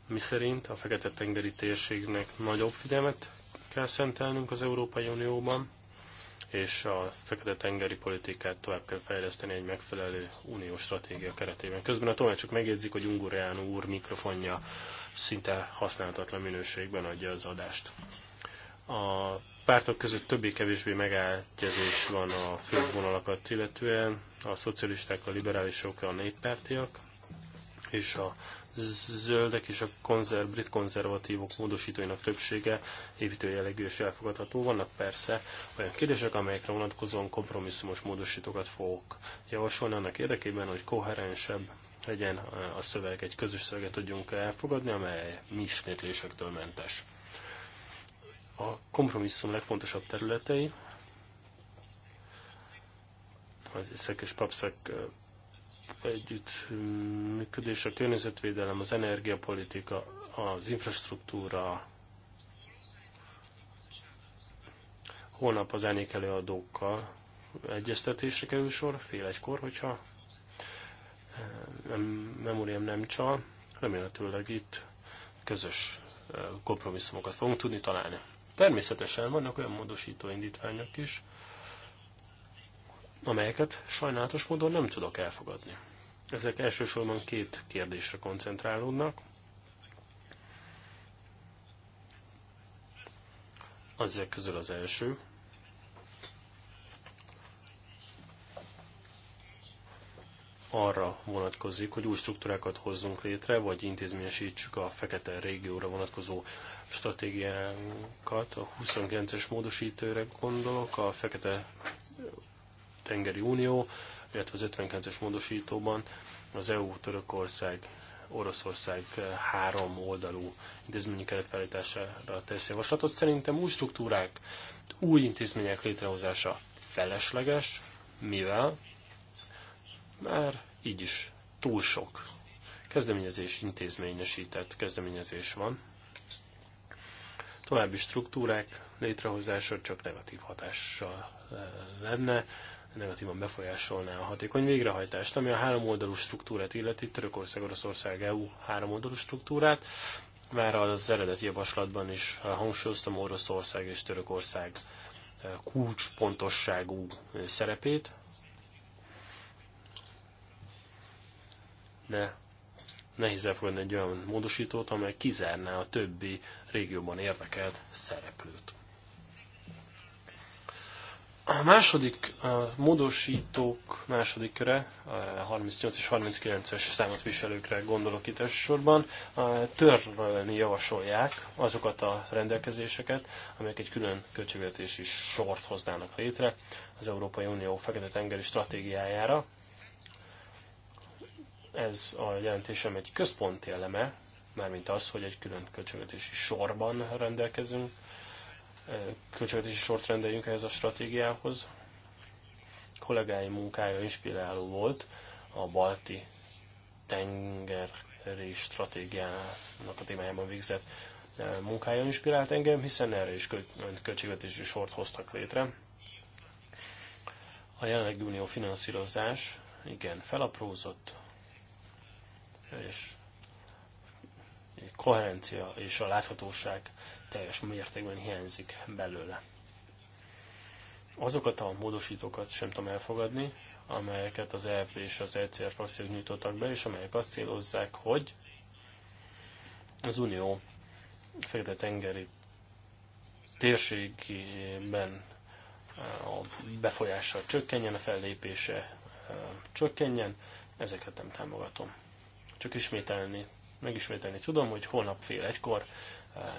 miszerint a Fekete-tengeri térségnek nagyobb figyelmet kell szentelnünk az Európai Unióban, és a Fekete-tengeri politikát tovább kell fejleszteni egy megfelelő uniós stratégia keretében. Közben a csak megjegyzik, hogy Ungureán úr mikrofonja szinte használatlan minőségben adja az adást. A pártok között többé-kevésbé megágyazás van a fő vonalakat illetően, a szocialisták, a liberálisok, a néppártiak, és a zöldek és a konzerv, brit konzervatívok módosítóinak többsége jellegű és elfogadható. Vannak persze olyan kérdések, amelyekre vonatkozóan kompromisszumos módosítókat fogok javasolni annak érdekében, hogy koherensebb legyen a szöveg, egy közös szöveget tudjunk elfogadni, amely mi ismétlésektől mentes a kompromisszum legfontosabb területei, az iszek és papszek együttműködés, a környezetvédelem, az energiapolitika, az infrastruktúra, holnap az elnék előadókkal egyeztetésre kerül sor, fél egykor, hogyha nem, memóriám nem csal, remélhetőleg itt közös kompromisszumokat fogunk tudni találni. Természetesen vannak olyan módosító indítványok is, amelyeket sajnálatos módon nem tudok elfogadni. Ezek elsősorban két kérdésre koncentrálódnak. Ezek közül az első. Arra vonatkozik, hogy új struktúrákat hozzunk létre, vagy intézményesítsük a fekete régióra vonatkozó stratégiánkat, a 29-es módosítőre gondolok, a Fekete Tengeri Unió, illetve az 59-es módosítóban az EU, Törökország, Oroszország három oldalú intézményi keretfelállítására tesz javaslatot. Szerintem új struktúrák, új intézmények létrehozása felesleges, mivel már így is túl sok kezdeményezés, intézményesített kezdeményezés van további struktúrák létrehozása csak negatív hatással e, lenne, negatívan befolyásolná a hatékony végrehajtást, ami a háromoldalú struktúrát illeti, Törökország, Oroszország, EU háromoldalú struktúrát. Már az eredeti javaslatban is hangsúlyoztam Oroszország és Törökország e, kulcspontosságú e, szerepét, de nehéz elfogadni egy olyan módosítót, amely kizárná a többi régióban érdekelt szereplőt. A második a módosítók második köre, a 38 és 39-es számot viselőkre gondolok itt elsősorban, törölni javasolják azokat a rendelkezéseket, amelyek egy külön költségvetési sort hoznának létre az Európai Unió fekete-tengeri stratégiájára. Ez a jelentésem egy központi eleme, mármint az, hogy egy külön költségvetési sorban rendelkezünk, költségvetési sort rendeljünk ehhez a stratégiához. A kollégáim munkája inspiráló volt a balti tengeri stratégiának a témájában végzett munkája inspirált engem, hiszen erre is költségvetési sort hoztak létre. A jelenlegi unió finanszírozás igen felaprózott, és koherencia és a láthatóság teljes mértékben hiányzik belőle. Azokat a módosítókat sem tudom elfogadni, amelyeket az EFD és az ECR frakciók nyújtottak be, és amelyek azt célozzák, hogy az Unió Fekete-tengeri térségében eh, a befolyással csökkenjen, a fellépése eh, csökkenjen, ezeket nem támogatom csak ismételni, megismételni tudom, hogy holnap fél egykor eh,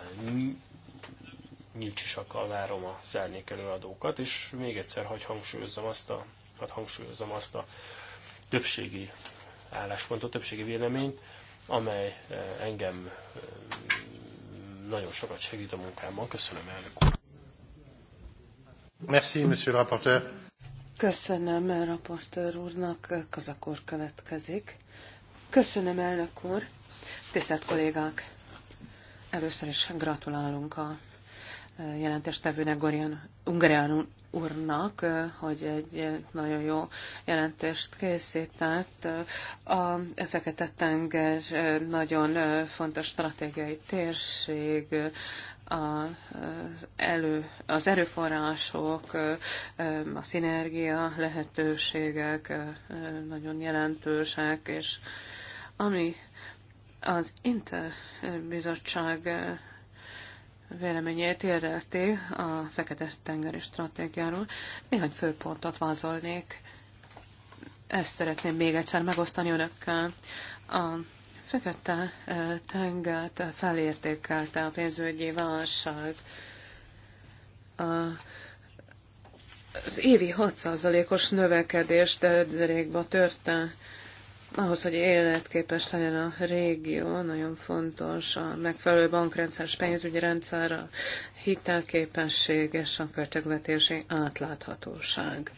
nyílt sisakkal várom a zárnék előadókat, és még egyszer hagy hangsúlyozzam azt a, hagy hangsúlyozzam azt a többségi álláspontot, többségi véleményt, amely eh, engem eh, nagyon sokat segít a munkámban. Köszönöm, elnök úr. Merci, monsieur le rapporteur. Köszönöm, raportőr úrnak. Kazakor következik. Köszönöm, elnök úr! Tisztelt kollégák! Először is gratulálunk a e, jelentéstevőnek Gorian Ungarian úrnak, e, hogy egy nagyon jó jelentést készített. A fekete tenger e, nagyon fontos stratégiai térség, a, elő, az erőforrások, a szinergia lehetőségek nagyon jelentősek, és ami az Interbizottság eh, véleményét illeti a Fekete-tengeri stratégiáról, néhány főpontot vázolnék. Ezt szeretném még egyszer megosztani önökkel. A Fekete eh, tengert felértékelte a pénzügyi válság. A az évi 6%-os növekedést derékba eh, törte ahhoz, hogy életképes legyen a régió, nagyon fontos a megfelelő bankrendszer, pénzügyi rendszer, a hitelképesség és a költségvetési átláthatóság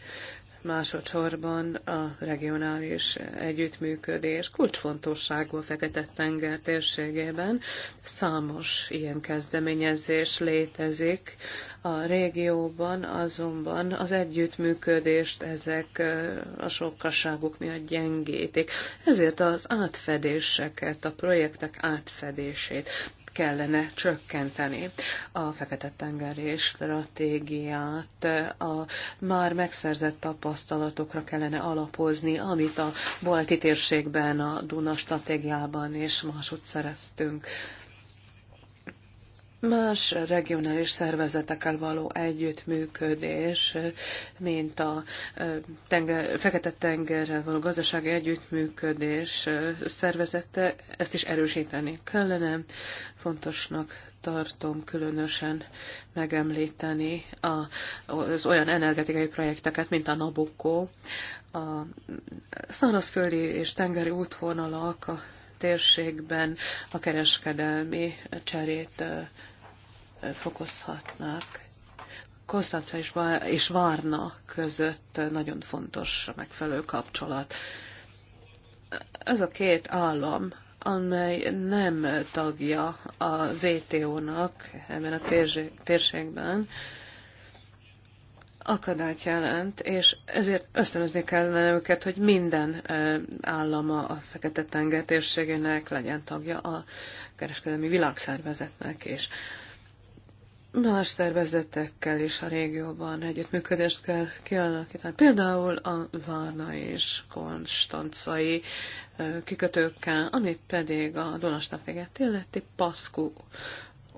másodszorban a regionális együttműködés kulcsfontosságú a Fekete-tenger térségében. Számos ilyen kezdeményezés létezik a régióban, azonban az együttműködést ezek a sokkasságuk miatt gyengítik. Ezért az átfedéseket, a projektek átfedését kellene csökkenteni. A Fekete-tengeri stratégiát a már megszerzett tapasztalatokra kellene alapozni, amit a balti térségben, a Duna stratégiában és máshogy szereztünk más regionális szervezetekkel való együttműködés, mint a tenger, Fekete-tengerrel való gazdasági együttműködés szervezete, ezt is erősíteni kellene. Fontosnak tartom különösen megemlíteni az olyan energetikai projekteket, mint a Nabucco, a szárazföldi és tengeri útvonalak, a térségben a kereskedelmi cserét fokozhatnak. Konstanca és várna között nagyon fontos a megfelelő kapcsolat. Ez a két állam, amely nem tagja a WTO-nak ebben a térségben, akadályt jelent, és ezért ösztönözni kellene őket, hogy minden állama a Fekete-tenger térségének legyen tagja a kereskedelmi világszervezetnek, és más szervezetekkel is a régióban együttműködést kell kialakítani. Például a Várna és Konstancai kikötőkkel, ami pedig a Duna illeti Paszkú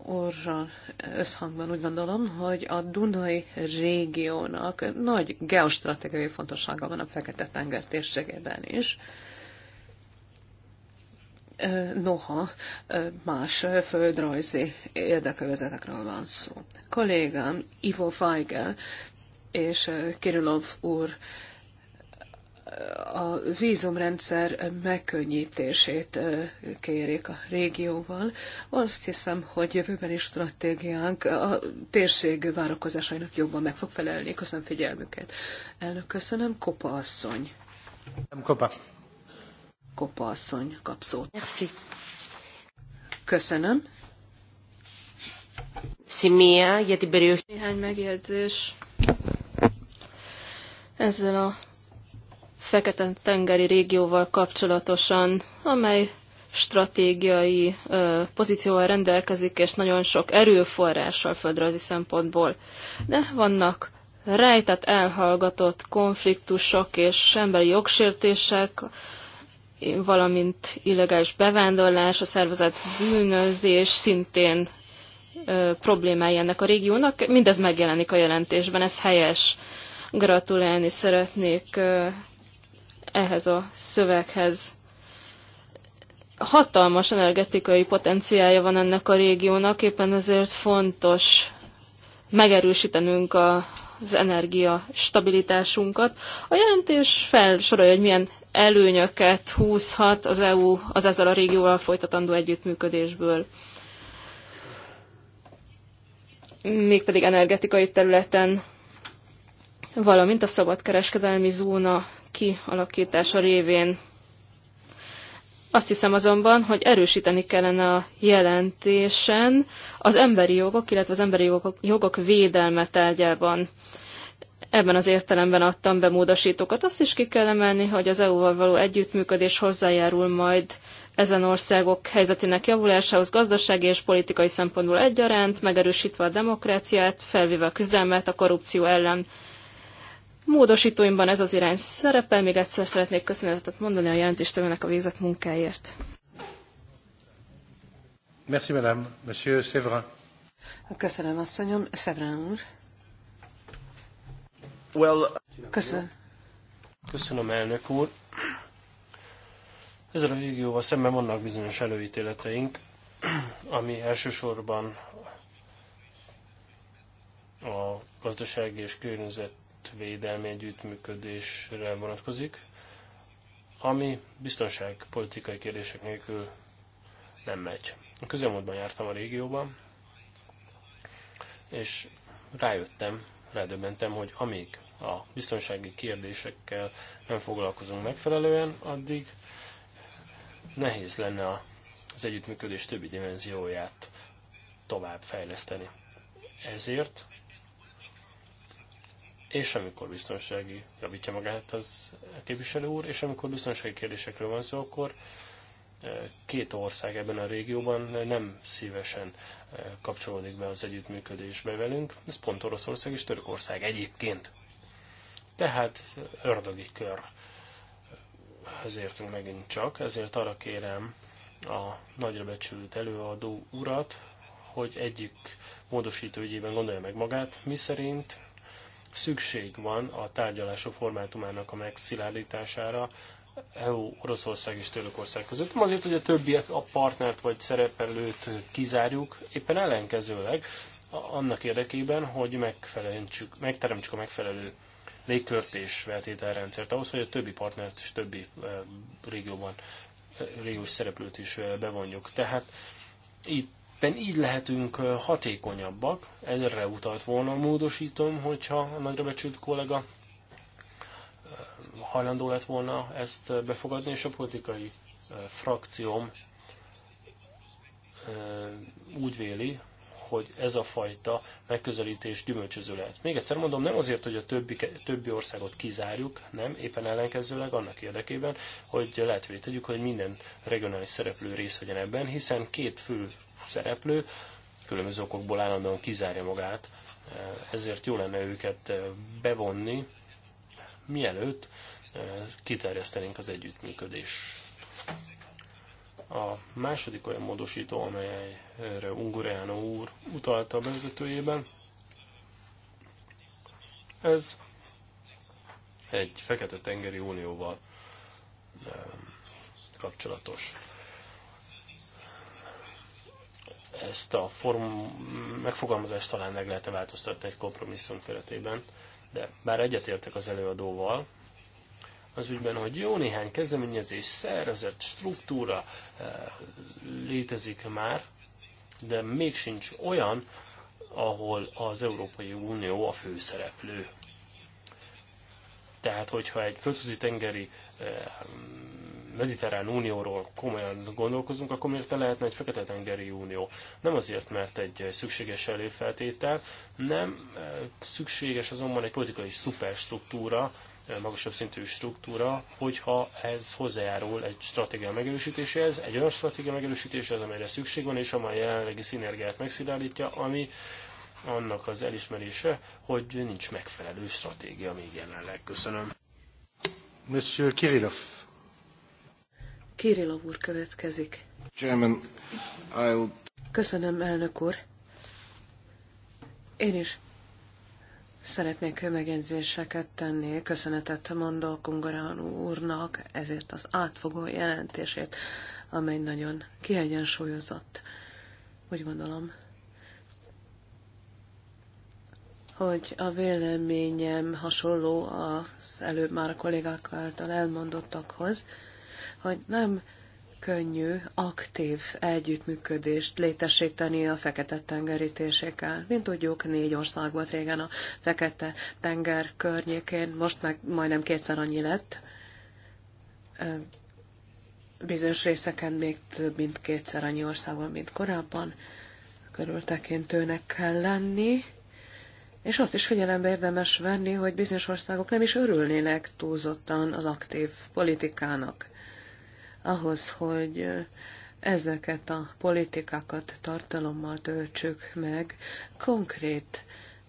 úrral összhangban úgy gondolom, hogy a Dunai régiónak nagy geostratégiai fontossága van a Fekete-tenger térségében is. Noha más földrajzi érdekövezetekről van szó. Kollégám Ivo Feigel és Kirillov úr a vízumrendszer megkönnyítését kérik a régióval. Azt hiszem, hogy jövőbeni stratégiánk a térség várakozásainak jobban meg fog felelni. Köszönöm figyelmüket. Elnök, köszönöm. Kopa asszony. Nem kopa. Kopa asszony kap szót. Merci. Köszönöm. Simia, Néhány megjegyzés ezzel a Fekete-tengeri régióval kapcsolatosan, amely stratégiai ö, pozícióval rendelkezik, és nagyon sok erőforrással földrajzi szempontból. De vannak rejtett, elhallgatott konfliktusok és emberi jogsértések, valamint illegális bevándorlás, a szervezet bűnözés szintén ö, problémái ennek a régiónak. Mindez megjelenik a jelentésben, ez helyes. Gratulálni szeretnék ehhez a szöveghez. Hatalmas energetikai potenciálja van ennek a régiónak, éppen ezért fontos megerősítenünk a, az energia stabilitásunkat. A jelentés felsorolja, hogy milyen előnyöket húzhat az EU az ezzel a régióval folytatandó együttműködésből. Mégpedig energetikai területen, valamint a szabadkereskedelmi zóna kialakítása révén. Azt hiszem azonban, hogy erősíteni kellene a jelentésen az emberi jogok, illetve az emberi jogok, jogok védelme tárgyában. Ebben az értelemben adtam be módosítókat. Azt is ki kell emelni, hogy az EU-val való együttműködés hozzájárul majd ezen országok helyzetének javulásához gazdasági és politikai szempontból egyaránt, megerősítve a demokráciát, felvéve a küzdelmet a korrupció ellen. Módosítóimban ez az irány szerepel, még egyszer szeretnék köszönetet mondani a jelentéstevőnek a végzett munkáért. Merci, madame. Monsieur Séverin. Köszönöm, asszonyom. Séverin úr. Well, Köszönöm. Köszönöm, elnök úr. Ezzel a régióval szemben vannak bizonyos előítéleteink, ami elsősorban a gazdasági és környezet adatvédelmi együttműködésre vonatkozik, ami biztonságpolitikai kérdések nélkül nem megy. A közelmódban jártam a régióban, és rájöttem, rádöbbentem, hogy amíg a biztonsági kérdésekkel nem foglalkozunk megfelelően, addig nehéz lenne az együttműködés többi dimenzióját tovább fejleszteni. Ezért és amikor biztonsági, javítja magát az képviselő úr, és amikor biztonsági kérdésekről van szó, akkor e, két ország ebben a régióban nem szívesen e, kapcsolódik be az együttműködésbe velünk, ez pont Oroszország és Törökország egyébként. Tehát ördögi kör Ezért megint csak, ezért arra kérem a nagyra becsült előadó urat, hogy egyik módosító gondolja meg magát, mi szerint szükség van a tárgyalások formátumának a megszilárdítására, EU, Oroszország és Törökország között. Nem azért, hogy a többi a partnert vagy szerepelőt kizárjuk, éppen ellenkezőleg annak érdekében, hogy megteremtsük a megfelelő légkört és feltételrendszert ahhoz, hogy a többi partnert és többi e, régióban, e, régiós szereplőt is e, bevonjuk. Tehát itt éppen így lehetünk hatékonyabbak, erre utalt volna a módosítom, hogyha a nagyra becsült kollega hajlandó lett volna ezt befogadni, és a politikai frakcióm úgy véli, hogy ez a fajta megközelítés gyümölcsöző lehet. Még egyszer mondom, nem azért, hogy a többi, többi országot kizárjuk, nem, éppen ellenkezőleg annak érdekében, hogy lehetővé tegyük, hogy minden regionális szereplő részt vegyen ebben, hiszen két fő szereplő különböző okokból állandóan kizárja magát, eh, ezért jó lenne őket eh, bevonni, mielőtt eh, kiterjesztenénk az együttműködés. A második olyan módosító, amelyre Ungureano úr utalta a vezetőjében, ez egy Fekete-tengeri unióval kapcsolatos ezt a form megfogalmazást talán meg lehet -e változtatni egy kompromisszum keretében, de bár egyetértek az előadóval, az ügyben, hogy jó néhány kezdeményezés, szervezet, struktúra eh, létezik már, de még sincs olyan, ahol az Európai Unió a főszereplő. Tehát, hogyha egy földközi tengeri eh, mediterrán unióról komolyan gondolkozunk, akkor miért lehetne egy fekete-tengeri unió? Nem azért, mert egy szükséges előfeltétel, nem eh, szükséges azonban egy politikai szuperstruktúra, eh, magasabb szintű struktúra, hogyha ez hozzájárul egy stratégia megerősítéséhez, egy olyan stratégia megerősítéséhez, amelyre szükség van, és amely jelenlegi szinergiát megszilárdítja, ami annak az elismerése, hogy nincs megfelelő stratégia még jelenleg. Köszönöm. Monsieur Kirillov. Kirillov úr következik. Chairman, I'll... Köszönöm, elnök úr. Én is szeretnék megjegyzéseket tenni. Köszönetet mondok Ungarán úrnak ezért az átfogó jelentésért, amely nagyon kiegyensúlyozott. Úgy gondolom, hogy a véleményem hasonló az előbb már a kollégák által elmondottakhoz hogy nem könnyű, aktív együttműködést létesíteni a Fekete-tengeri Mint tudjuk, négy ország volt régen a Fekete-tenger környékén, most meg majdnem kétszer annyi lett. Bizonyos részeken még több mint kétszer annyi ország mint korábban. Körültekintőnek kell lenni. És azt is figyelembe érdemes venni, hogy bizonyos országok nem is örülnének túlzottan az aktív politikának ahhoz, hogy ezeket a politikákat tartalommal töltsük meg, konkrét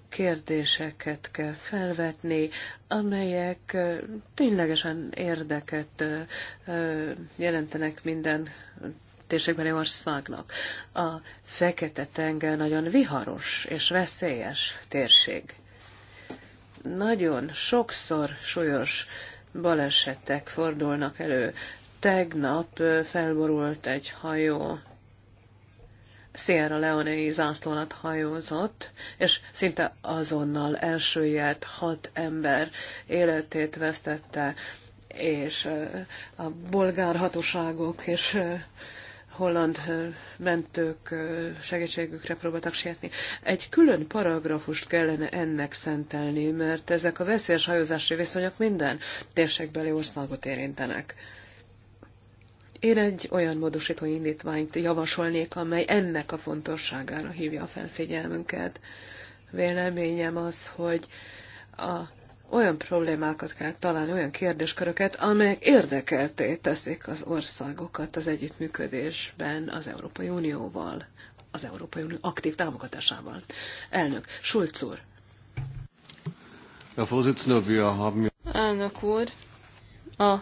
kérdéseket kell felvetni, amelyek ténylegesen érdeket jelentenek minden térségbeli országnak. A Fekete-tenger nagyon viharos és veszélyes térség. Nagyon sokszor súlyos balesetek fordulnak elő, Tegnap felborult egy hajó, Sierra Leonei zászló alatt hajózott, és szinte azonnal elsüllyedt hat ember életét vesztette, és a bolgár hatóságok és holland mentők segítségükre próbáltak sietni. Egy külön paragrafust kellene ennek szentelni, mert ezek a veszélyes hajózási viszonyok minden térségbeli országot érintenek. Én egy olyan módosító indítványt javasolnék, amely ennek a fontosságára hívja a felfigyelmünket. Véleményem az, hogy a, olyan problémákat kell találni, olyan kérdésköröket, amelyek érdekelté teszik az országokat az együttműködésben az Európai Unióval, az Európai Unió aktív támogatásával. Elnök, Schulz úr. Elnök úr, a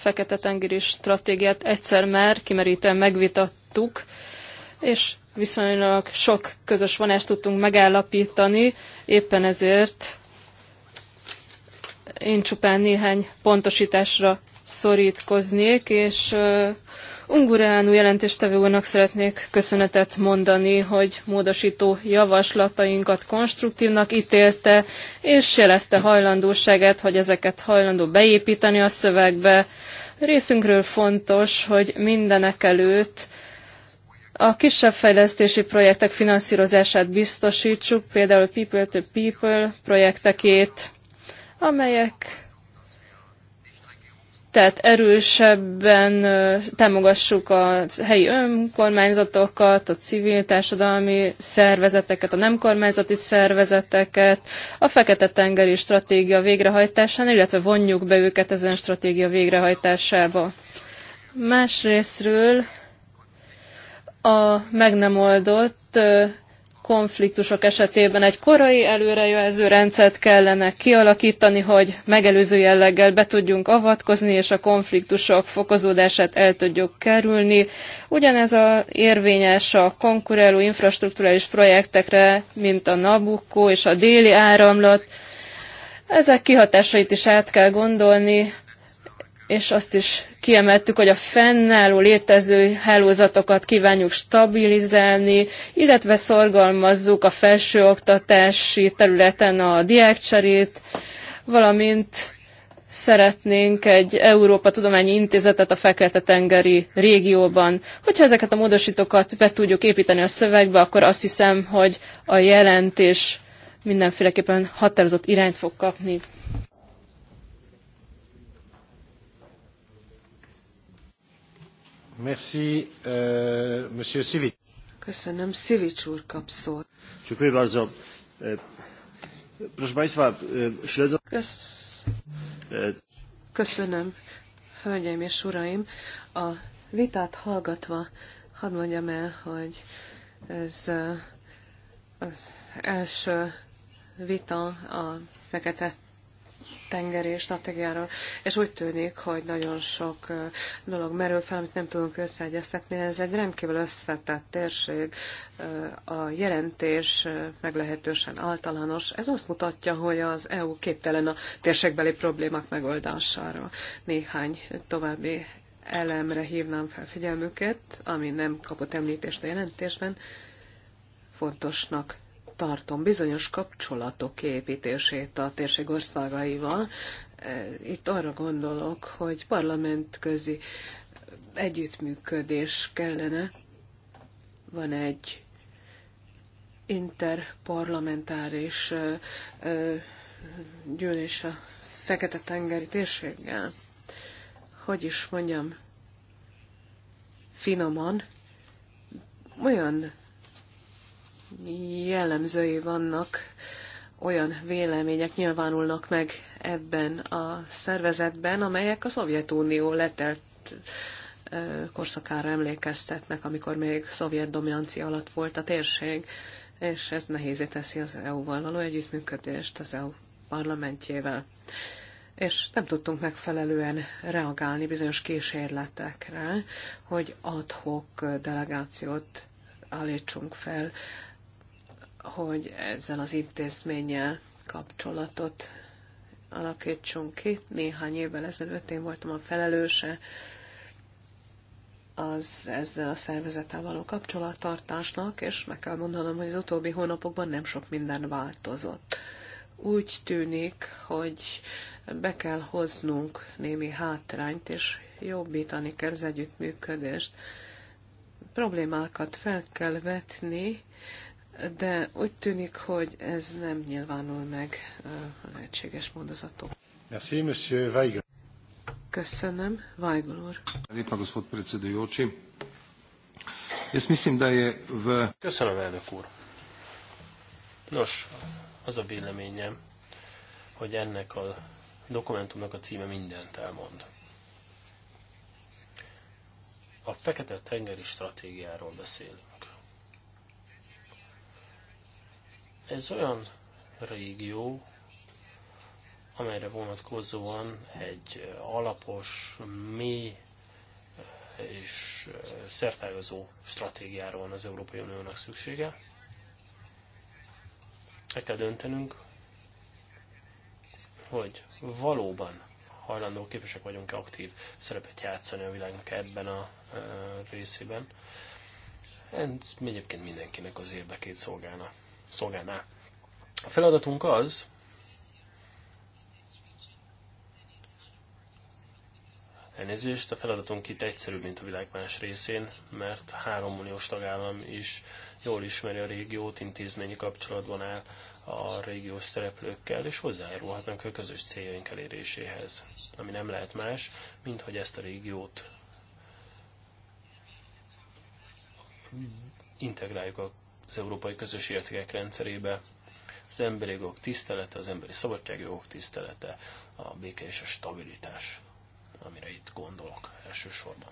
Fekete-tengeri stratégiát egyszer már kimerítően megvitattuk, és viszonylag sok közös vonást tudtunk megállapítani, éppen ezért én csupán néhány pontosításra szorítkoznék, és Ungureanu jelentéstevőnek szeretnék köszönetet mondani, hogy módosító javaslatainkat konstruktívnak ítélte, és jelezte hajlandóságát, hogy ezeket hajlandó beépíteni a szövegbe. Részünkről fontos, hogy mindenek előtt a kisebb fejlesztési projektek finanszírozását biztosítsuk, például People to People projektekét, amelyek tehát erősebben támogassuk a helyi önkormányzatokat, a civil társadalmi szervezeteket, a nem kormányzati szervezeteket, a Fekete-tengeri stratégia végrehajtásán, illetve vonjuk be őket ezen stratégia végrehajtásába. Másrésztről a meg nem oldott konfliktusok esetében egy korai előrejelző rendszert kellene kialakítani, hogy megelőző jelleggel be tudjunk avatkozni, és a konfliktusok fokozódását el tudjuk kerülni. Ugyanez a érvényes a konkuráló infrastruktúrális projektekre, mint a Nabucco és a déli áramlat. Ezek kihatásait is át kell gondolni, és azt is kiemeltük, hogy a fennálló létező hálózatokat kívánjuk stabilizálni, illetve szorgalmazzuk a felsőoktatási területen a diákcserét, valamint szeretnénk egy Európa Tudományi Intézetet a Fekete-tengeri régióban. Hogyha ezeket a módosítókat be tudjuk építeni a szövegbe, akkor azt hiszem, hogy a jelentés mindenféleképpen határozott irányt fog kapni. Merci, uh, Monsieur Sivic. Köszönöm, Sivic úr kap szót. Dziękuję bardzo. E, proszę Państwa, e, śledzą... E, Köszönöm, hölgyeim és uraim. A vitát hallgatva hadd mondjam el, hogy ez az első vita a fekete tengeri stratégiáról, és úgy tűnik, hogy nagyon sok dolog merül fel, amit nem tudunk összeegyeztetni. Ez egy rendkívül összetett térség, a jelentés meglehetősen általános. Ez azt mutatja, hogy az EU képtelen a térségbeli problémák megoldására. Néhány további elemre hívnám fel figyelmüket, ami nem kapott említést a jelentésben, fontosnak tartom bizonyos kapcsolatok képítését a térség országaival. E, itt arra gondolok, hogy parlamentközi együttműködés kellene. Van egy interparlamentáris e, e, gyűlés a Fekete-tengeri térséggel. Hogy is mondjam, finoman, olyan jellemzői vannak, olyan vélemények nyilvánulnak meg ebben a szervezetben, amelyek a Szovjetunió letelt korszakára emlékeztetnek, amikor még szovjet dominancia alatt volt a térség, és ez nehézé teszi az EU-val való együttműködést, az EU parlamentjével. És nem tudtunk megfelelően reagálni bizonyos kísérletekre, hogy adhok delegációt állítsunk fel hogy ezzel az intézménnyel kapcsolatot alakítsunk ki. Néhány évvel ezelőtt én voltam a felelőse az ezzel a szervezettel való kapcsolattartásnak, és meg kell mondanom, hogy az utóbbi hónapokban nem sok minden változott. Úgy tűnik, hogy be kell hoznunk némi hátrányt, és jobbítani kell az együttműködést. Problémákat fel kell vetni, de úgy tűnik, hogy ez nem nyilvánul meg a lehetséges mondozatok. Merci, monsieur Weigel. Köszönöm, Weigel úr. Lépa, gospod predsedujoči. Jaz mislim, da je v... Köszönöm, elnök úr. Nos, az a véleményem, hogy ennek a dokumentumnak a címe mindent elmond. A fekete tengeri stratégiáról beszélünk Ez olyan régió, amelyre vonatkozóan egy alapos, mély és szertágazó stratégiára van az Európai Uniónak szüksége. El kell döntenünk, hogy valóban hajlandó képesek vagyunk-e aktív szerepet játszani a világnak ebben a részében. Ez egyébként mindenkinek az érdekét szolgálna szolgálná. A feladatunk az, elnézést, a feladatunk itt egyszerűbb, mint a világ más részén, mert három uniós tagállam is jól ismeri a régiót, intézményi kapcsolatban áll a régiós szereplőkkel, és hozzájárulhatnak a közös céljaink eléréséhez, ami nem lehet más, mint hogy ezt a régiót integráljuk a az európai közös értékek rendszerébe, az emberi jogok tisztelete, az emberi szabadságjogok tisztelete, a béke és a stabilitás, amire itt gondolok elsősorban.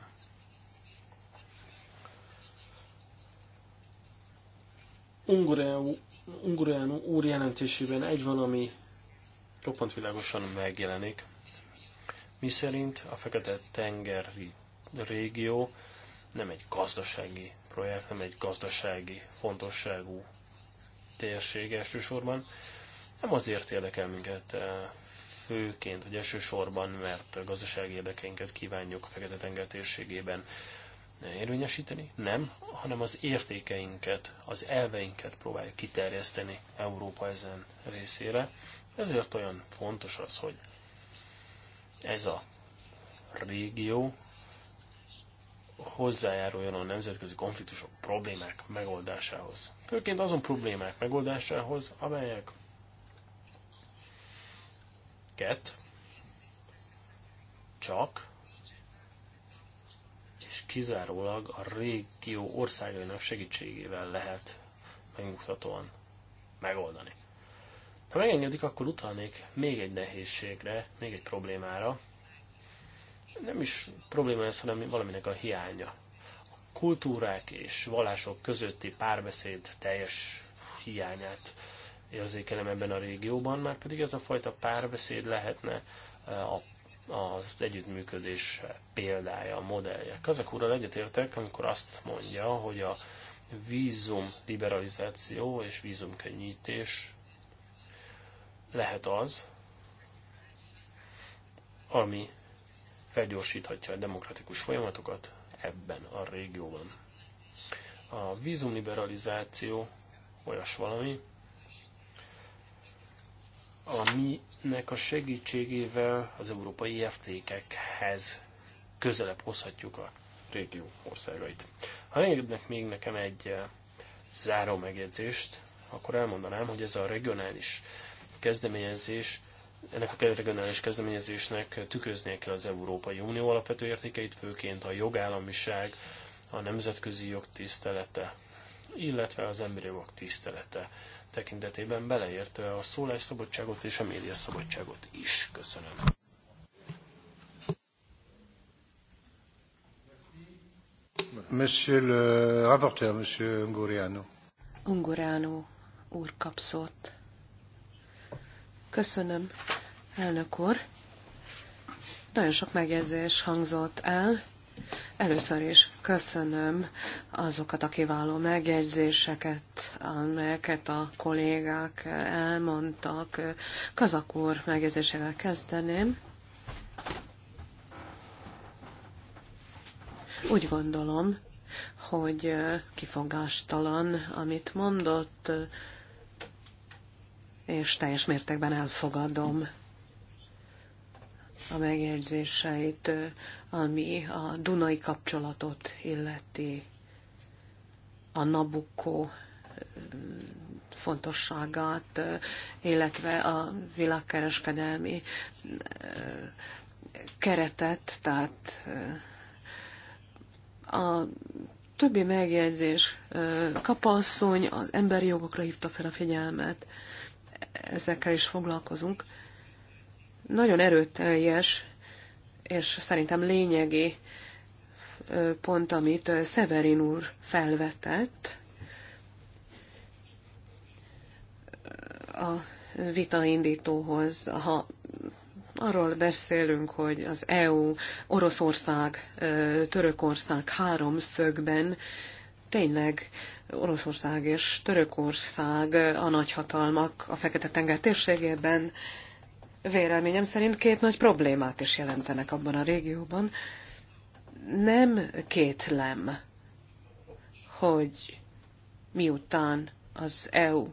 Ungureanu úr jelentésében egy valami roppant világosan megjelenik, miszerint a Fekete-tengeri régió nem egy gazdasági projekt, nem egy gazdasági fontosságú térség elsősorban. Nem azért érdekel minket eh, főként, vagy elsősorban, mert a gazdasági érdekeinket kívánjuk a Fekete-tenger térségében eh, érvényesíteni, nem, hanem az értékeinket, az elveinket próbáljuk kiterjeszteni Európa ezen részére. Ezért olyan fontos az, hogy ez a régió hozzájáruljon a nemzetközi konfliktusok problémák megoldásához. Főként azon problémák megoldásához, amelyek ket csak és kizárólag a régió országainak segítségével lehet megmutatóan megoldani. Ha megengedik, akkor utalnék még egy nehézségre, még egy problémára, nem is probléma ez, hanem valaminek a hiánya. A kultúrák és vallások közötti párbeszéd teljes hiányát érzékelem ebben a régióban, már pedig ez a fajta párbeszéd lehetne e, a az együttműködés példája, a modellje. Kazak úrral egyetértek, amikor azt mondja, hogy a vízum liberalizáció és vízumkönnyítés lehet az, ami felgyorsíthatja a demokratikus folyamatokat ebben a régióban. A vízumliberalizáció olyas valami, aminek a segítségével az európai értékekhez közelebb hozhatjuk a régió országait. Ha engednek még nekem egy eh, záró megjegyzést, akkor elmondanám, hogy ez a regionális kezdeményezés ennek a két kezdeményezésnek tükröznie kell az Európai Unió alapvető értékeit, főként a jogállamiság, a nemzetközi jog tisztelete, illetve az emberi jogok tisztelete tekintetében beleértve a szólásszabadságot és a médiaszabadságot is. Köszönöm. Monsieur le rapporteur, monsieur Ungoriano. Ungoriano úr kap Köszönöm, elnök úr. Nagyon sok megjegyzés hangzott el. Először is köszönöm azokat a kiváló megjegyzéseket, amelyeket a kollégák elmondtak. Kazak úr megjegyzésével kezdeném. Úgy gondolom, hogy kifogástalan, amit mondott, és teljes mértékben elfogadom a megjegyzéseit, ami a Dunai kapcsolatot illeti, a Nabucco fontosságát, illetve a világkereskedelmi keretet, tehát a többi megjegyzés kapasszony az emberi jogokra hívta fel a figyelmet, ezekkel is foglalkozunk. Nagyon erőteljes, és szerintem lényegi pont, amit Severin úr felvetett a vitaindítóhoz, ha arról beszélünk, hogy az EU, Oroszország, Törökország háromszögben tényleg Oroszország és Törökország a nagyhatalmak a Fekete-tenger térségében véleményem szerint két nagy problémát is jelentenek abban a régióban. Nem kétlem, hogy miután az EU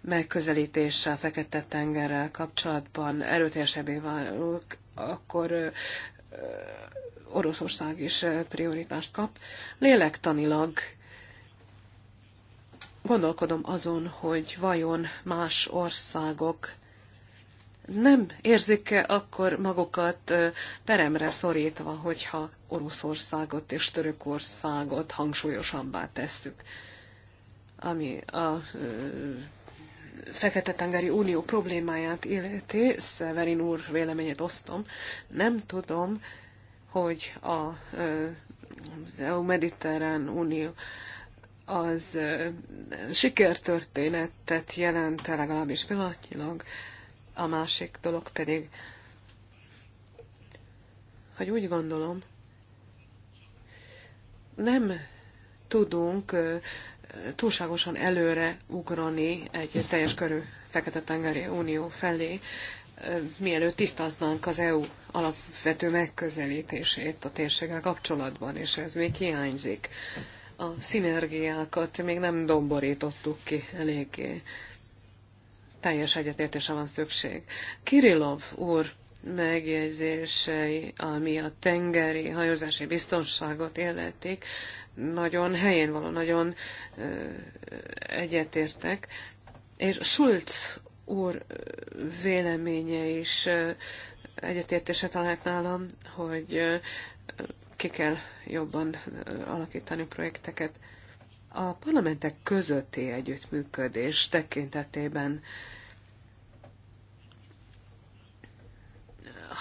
megközelítése a Fekete-tengerrel kapcsolatban erőteljesebbé válunk, akkor Oroszország is prioritást kap. Lélektanilag gondolkodom azon, hogy vajon más országok nem érzik-e akkor magukat peremre szorítva, hogyha Oroszországot és Törökországot hangsúlyosabbá tesszük, ami a Fekete-tengeri Unió problémáját illeti, Severin úr véleményét osztom, nem tudom, hogy a, az EU-Mediterrán Unió az sikertörténetet jelent, legalábbis pillanatnyilag, a másik dolog pedig, hogy úgy gondolom, nem tudunk túlságosan előre ugrani egy teljes körű Fekete-tengeri Unió felé, mielőtt tisztaznánk az EU alapvető megközelítését a térséggel kapcsolatban, és ez még hiányzik a szinergiákat még nem domborítottuk ki eléggé. Teljes egyetértése van szükség. Kirillov úr megjegyzései, ami a tengeri hajózási biztonságot illetik, nagyon helyén való, nagyon egyetértek. És Sult úr véleménye is egyetértése talált nálam, hogy ki kell jobban alakítani projekteket. A parlamentek közötti együttműködés tekintetében,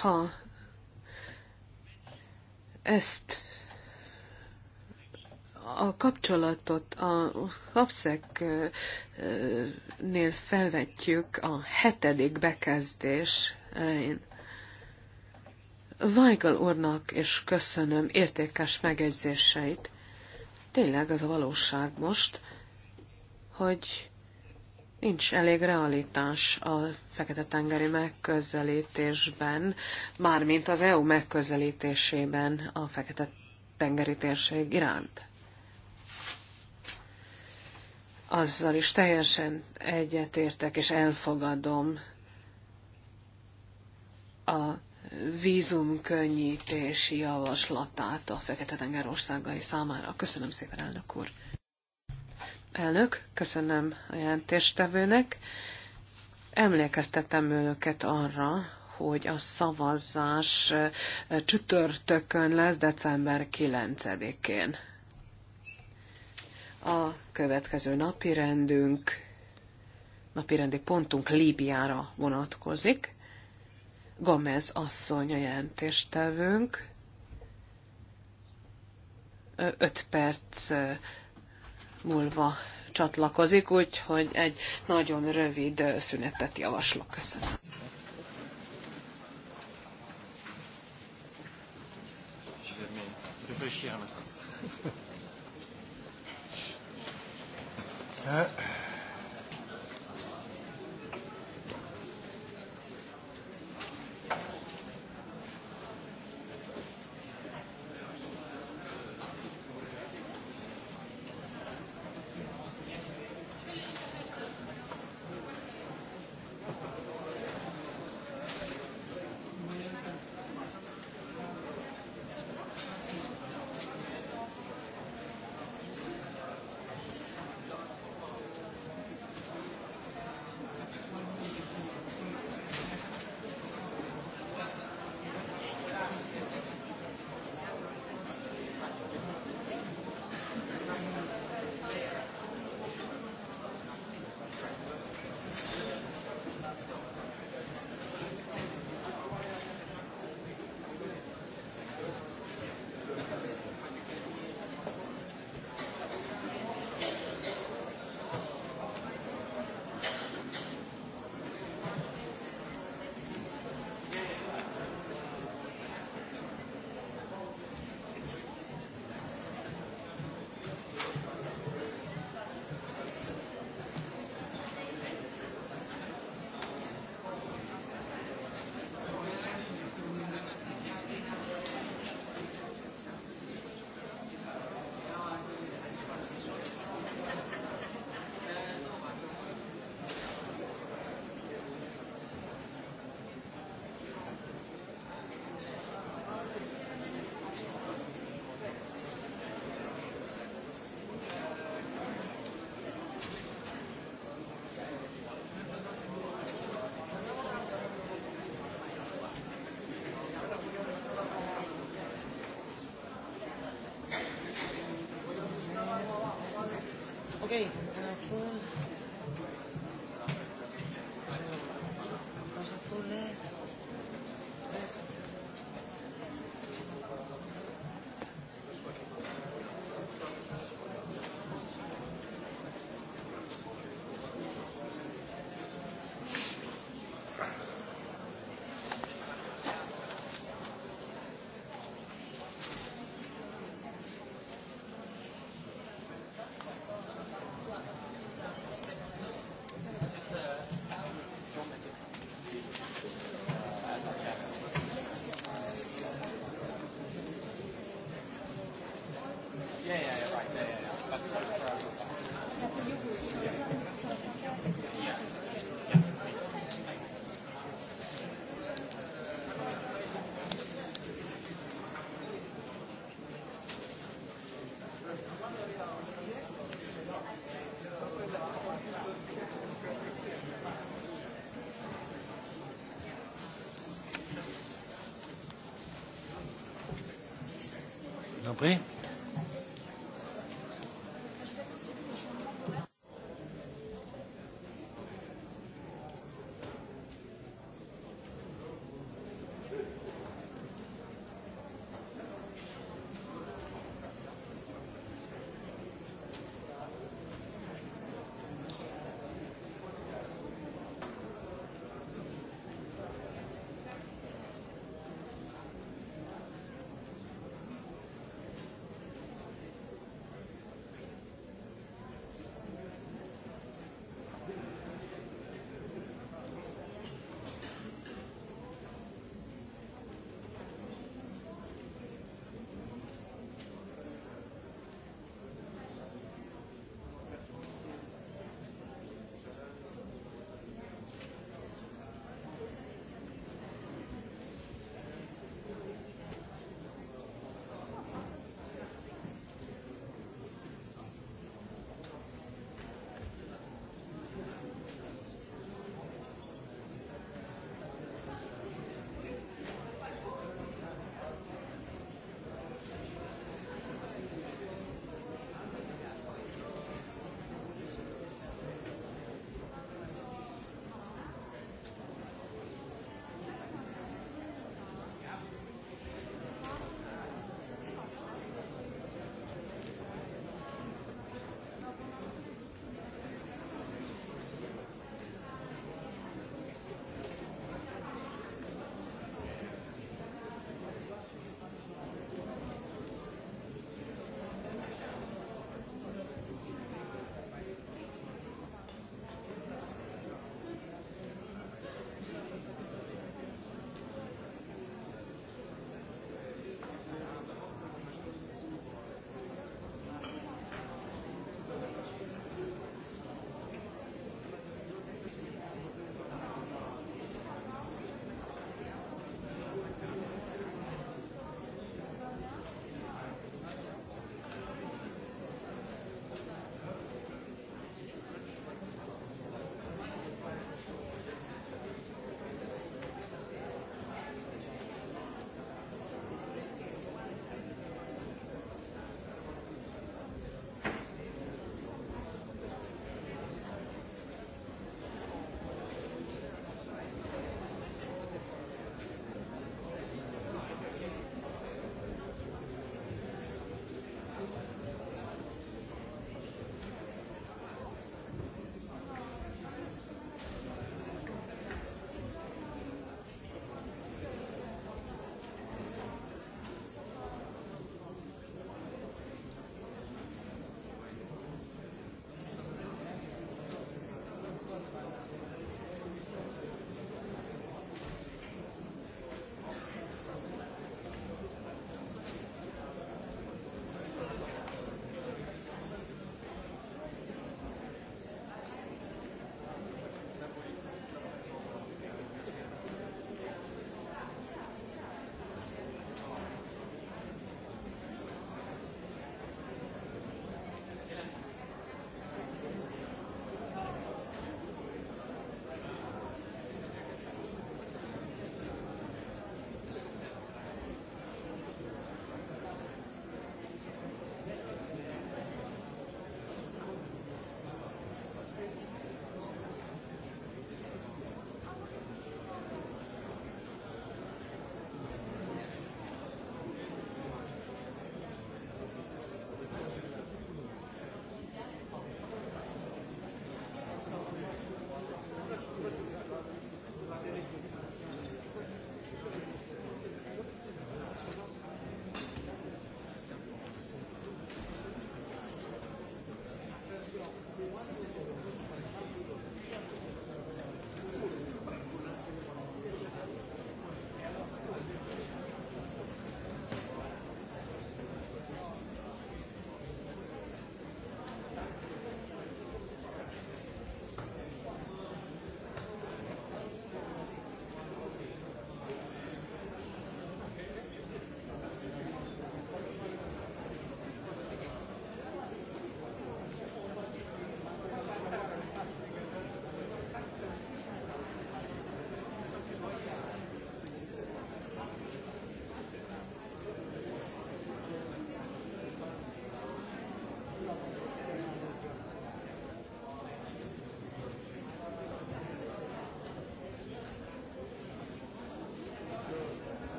ha ezt a kapcsolatot a HAPSZEK-nél felvetjük a hetedik bekezdés elején. Weigel úrnak és köszönöm értékes megjegyzéseit. Tényleg az a valóság most, hogy nincs elég realitás a Fekete-tengeri megközelítésben, mármint az EU megközelítésében a Fekete-tengeri térség iránt. Azzal is teljesen egyetértek és elfogadom a vízumkönnyítési javaslatát a Fekete-tenger országai számára. Köszönöm szépen, elnök úr! Elnök, köszönöm a jelentéstevőnek. Emlékeztetem önöket arra, hogy a szavazás eh, csütörtökön lesz december 9-én. A következő napi rendünk, napi rendi pontunk Líbiára vonatkozik. Gomez asszony a jelentéstevőnk. Öt perc múlva csatlakozik, úgyhogy egy nagyon rövid szünetet javaslok. Köszönöm. réfléchir Okay. compris.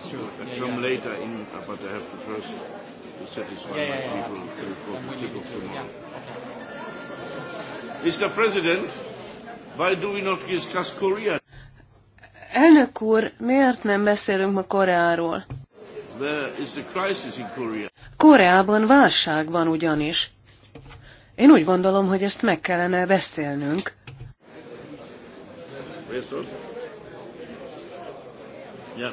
that's true. I yeah, come yeah. later in, uh, but I have to first to satisfy yeah, yeah, my people yeah. before yeah. to kick tomorrow. Yeah. Okay. Mr. President, why do we not discuss Korea? Elnök úr, miért nem beszélünk ma Koreáról? There is a crisis in Korea. Koreában válság van ugyanis. Én úgy gondolom, hogy ezt meg kellene beszélnünk. Yeah.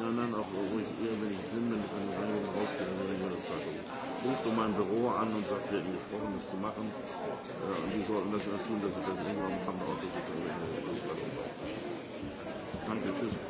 Nein, nein, auch ruhig oh, eher, wenn ich bin, wenn ich meine Reinigung rausgehe, dann bringe ich meine Zeitung. Ruf du mein Büro an und sag, wir hätten gesprochen, das zu machen. Äh, und die sollten das erst tun, dass sie das irgendwann am Auto sozusagen durchlassen. Danke, tschüss.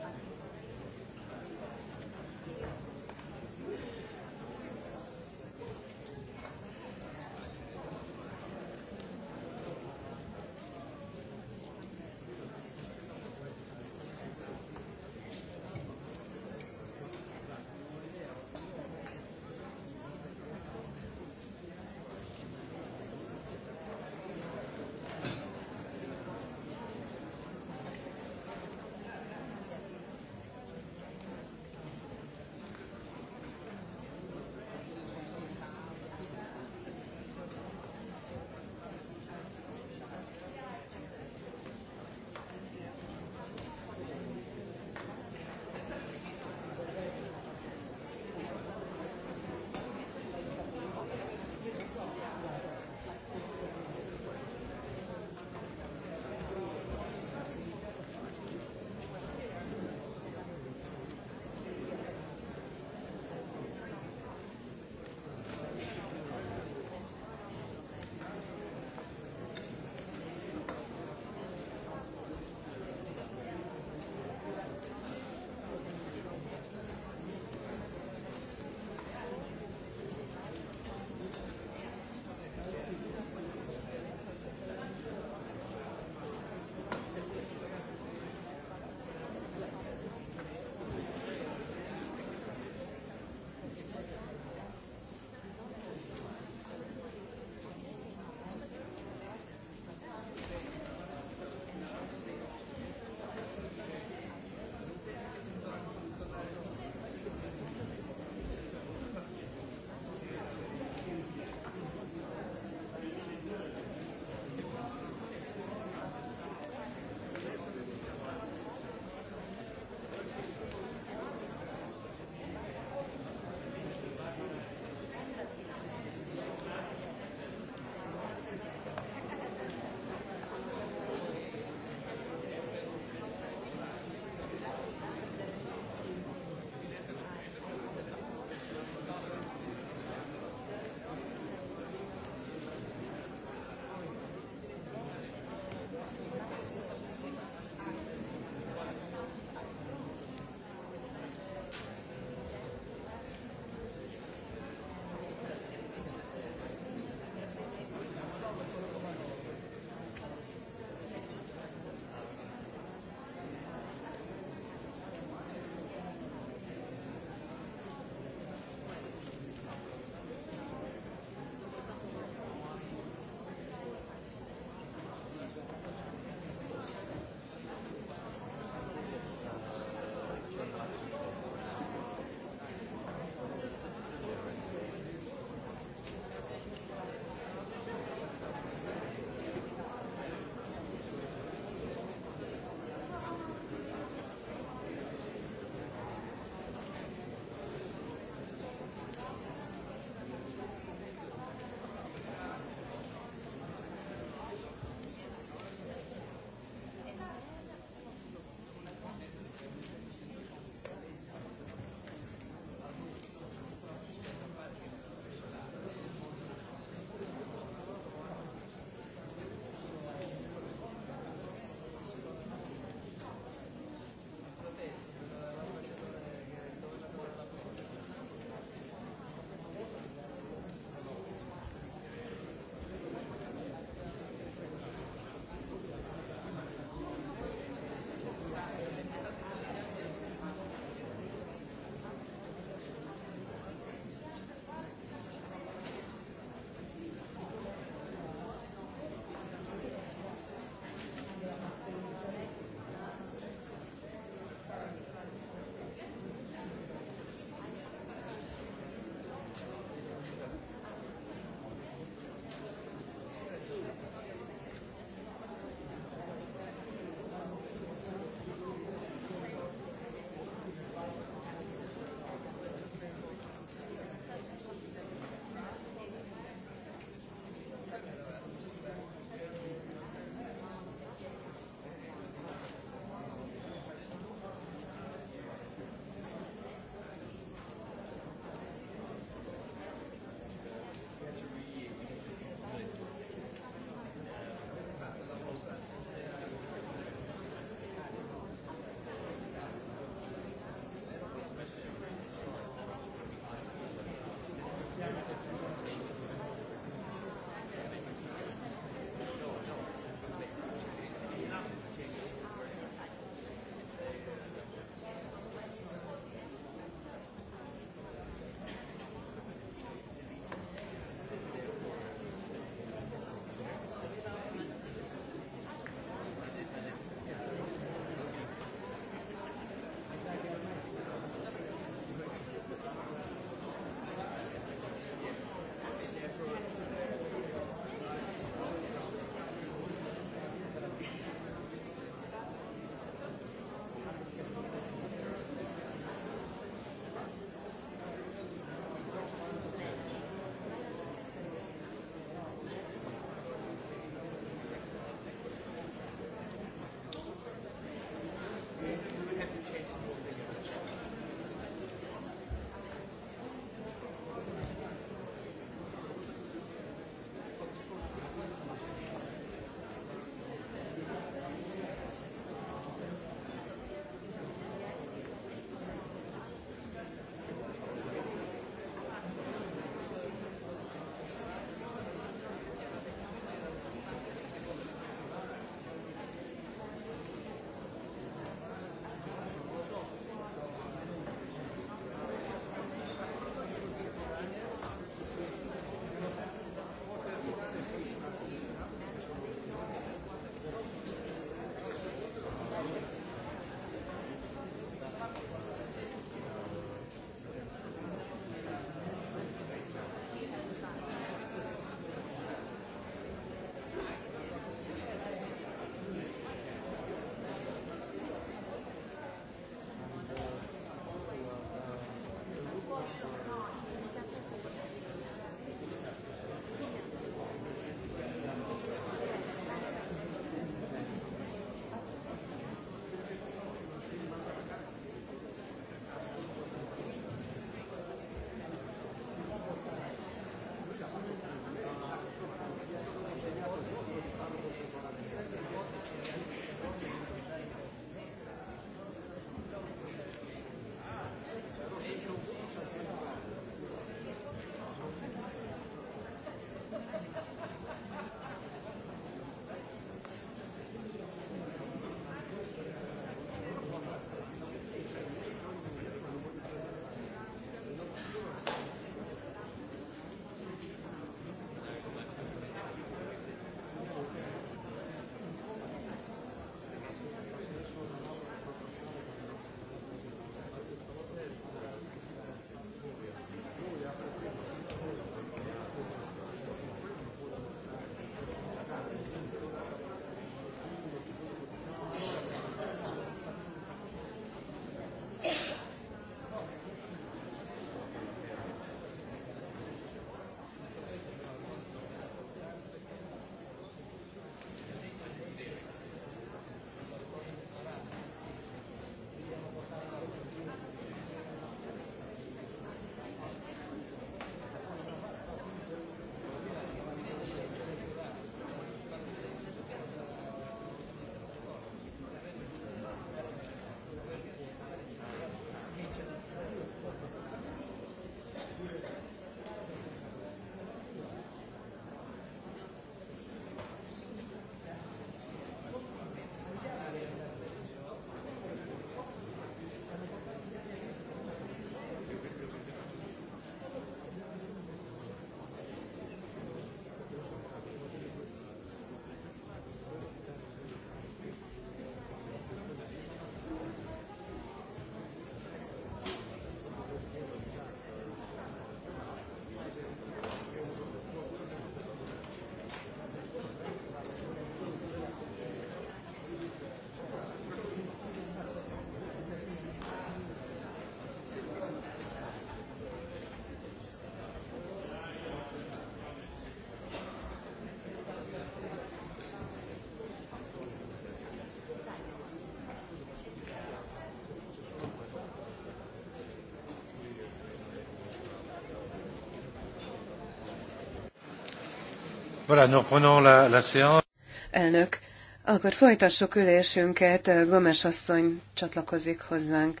Voilà, nous reprenons la, la séance. Elnök, akkor folytassuk ülésünket. Gomes asszony csatlakozik hozzánk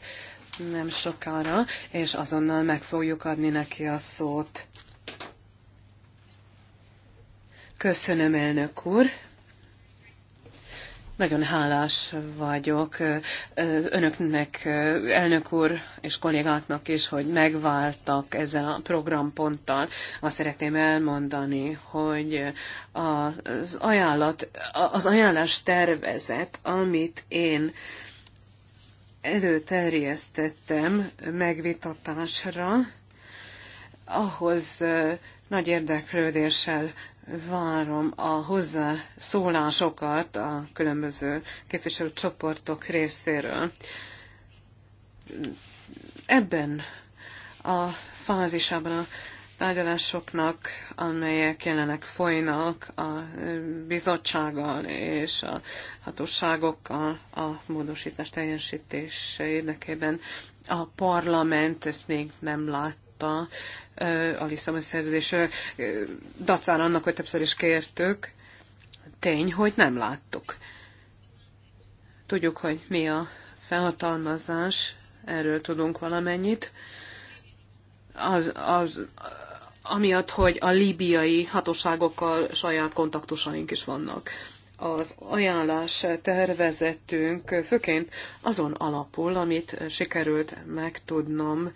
nem sokára, és azonnal meg fogjuk adni neki a szót. Köszönöm, elnök úr. Nagyon hálás vagyok önöknek, elnök úr és kollégáknak is, hogy megváltak ezzel a programponttal. Azt szeretném elmondani, hogy az, ajánlat, az ajánlás tervezet, amit én előterjesztettem megvitatásra, ahhoz nagy érdeklődéssel várom a hozzászólásokat a különböző képviselőcsoportok részéről. Ebben a fázisában a tárgyalásoknak, amelyek jelenek folynak a bizottsággal és a hatóságokkal a módosítás teljesítése érdekében. A parlament ezt még nem lát megvitatta a Lisszabon szerződés dacán annak, hogy többször is kértük. Tény, hogy nem láttuk. Tudjuk, hogy mi a felhatalmazás, erről tudunk valamennyit. Az, az, amiatt, hogy a líbiai hatóságokkal saját kontaktusaink is vannak. Az ajánlás tervezetünk főként azon alapul, amit sikerült megtudnom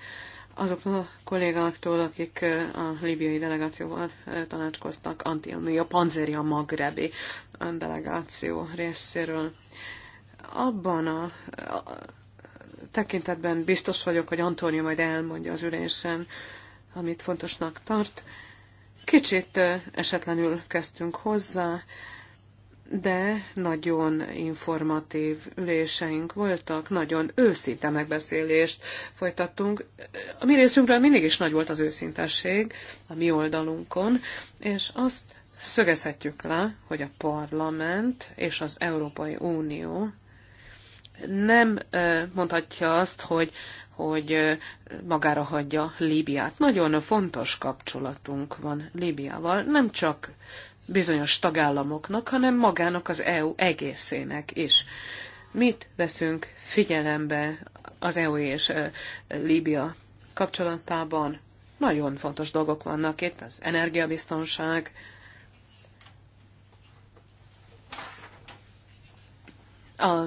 azoktól a kollégáktól, akik a libiai delegációval tanácskoztak, Antonio a a magrebi delegáció részéről. Abban a, a tekintetben biztos vagyok, hogy Antónia majd elmondja az ülésen, amit fontosnak tart. Kicsit esetlenül kezdtünk hozzá, de nagyon informatív üléseink voltak, nagyon őszinte megbeszélést folytattunk. A mi részünkről mindig is nagy volt az őszintesség a mi oldalunkon, és azt szögezhetjük le, hogy a parlament és az Európai Unió nem mondhatja azt, hogy, hogy magára hagyja Líbiát. Nagyon fontos kapcsolatunk van Líbiával, nem csak bizonyos tagállamoknak, hanem magának az EU egészének is. Mit veszünk figyelembe az EU és Líbia kapcsolatában? Nagyon fontos dolgok vannak itt, az energiabiztonság, a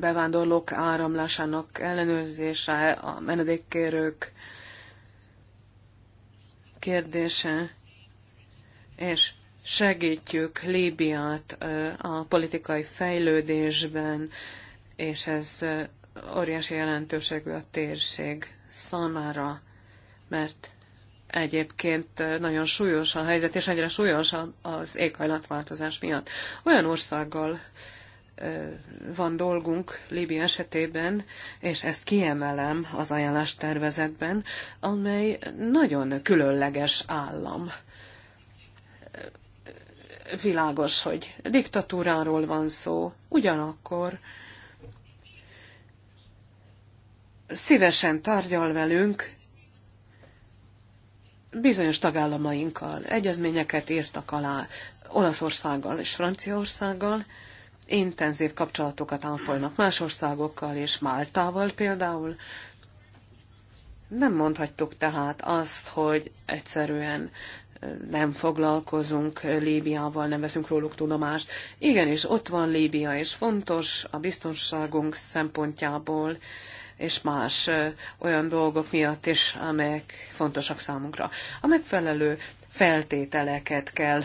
bevándorlók áramlásának ellenőrzése, a menedékkérők kérdése, és segítjük Líbiát a politikai fejlődésben, és ez óriási jelentőségű a térség számára, mert egyébként nagyon súlyos a helyzet, és egyre súlyosabb az éghajlatváltozás miatt. Olyan országgal van dolgunk Líbia esetében, és ezt kiemelem az ajánlástervezetben, amely nagyon különleges állam világos, hogy diktatúráról van szó, ugyanakkor szívesen tárgyal velünk bizonyos tagállamainkkal. Egyezményeket írtak alá Olaszországgal és Franciaországgal, intenzív kapcsolatokat ápolnak más országokkal és Máltával például. Nem mondhatjuk tehát azt, hogy egyszerűen nem foglalkozunk Líbiával, nem veszünk róluk tudomást. Igenis, ott van Líbia, és fontos a biztonságunk szempontjából, és más olyan dolgok miatt is, amelyek fontosak számunkra. A megfelelő feltételeket kell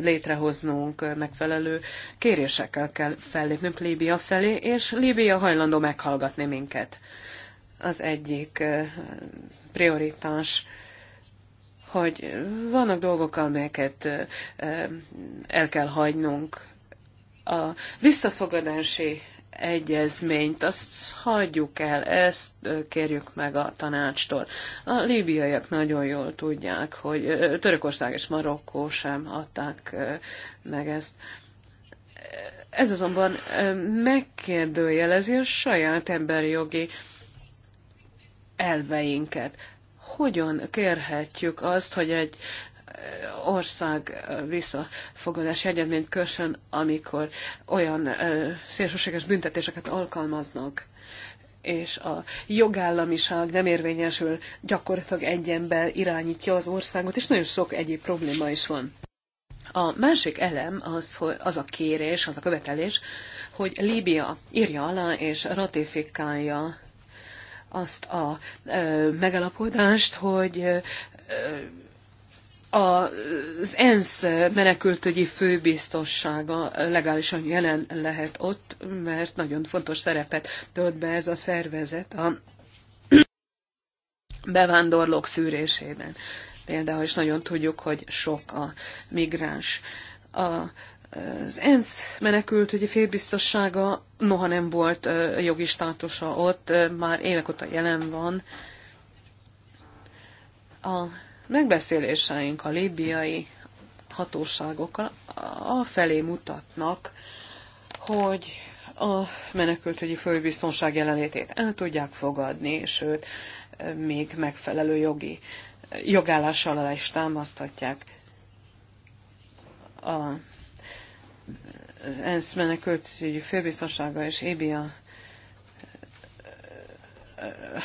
létrehoznunk, megfelelő kérésekkel kell fellépnünk Líbia felé, és Líbia hajlandó meghallgatni minket. Az egyik prioritás hogy vannak dolgok, amelyeket el kell hagynunk. A visszafogadási egyezményt, azt hagyjuk el, ezt kérjük meg a tanácstól. A líbiaiak nagyon jól tudják, hogy Törökország és Marokkó sem adták meg ezt. Ez azonban megkérdőjelezi a saját emberi jogi elveinket hogyan kérhetjük azt, hogy egy eh, ország eh, visszafogadási egyedményt kössön, amikor olyan eh, szélsőséges büntetéseket alkalmaznak és a jogállamiság nem érvényesül, gyakorlatilag egy ember irányítja az országot, és nagyon sok egyéb probléma is van. A másik elem az, hogy az a kérés, az a követelés, hogy Líbia írja alá és ratifikálja azt a megalapodást, hogy az ENSZ menekültügyi főbiztossága legálisan jelen lehet ott, mert nagyon fontos szerepet tölt be ez a szervezet a bevándorlók szűrésében. Például is nagyon tudjuk, hogy sok a migráns. A az ENSZ a félbiztossága, noha nem volt jogi státusa ott, már évek óta jelen van. A megbeszéléseink a libiai hatóságokkal a felé mutatnak, hogy a menekültügyi főbiztonság jelenlétét el tudják fogadni, sőt, még megfelelő jogi jogállással alá is támaszthatják a ENSZ menekültügyi főbiztonsága és EBIA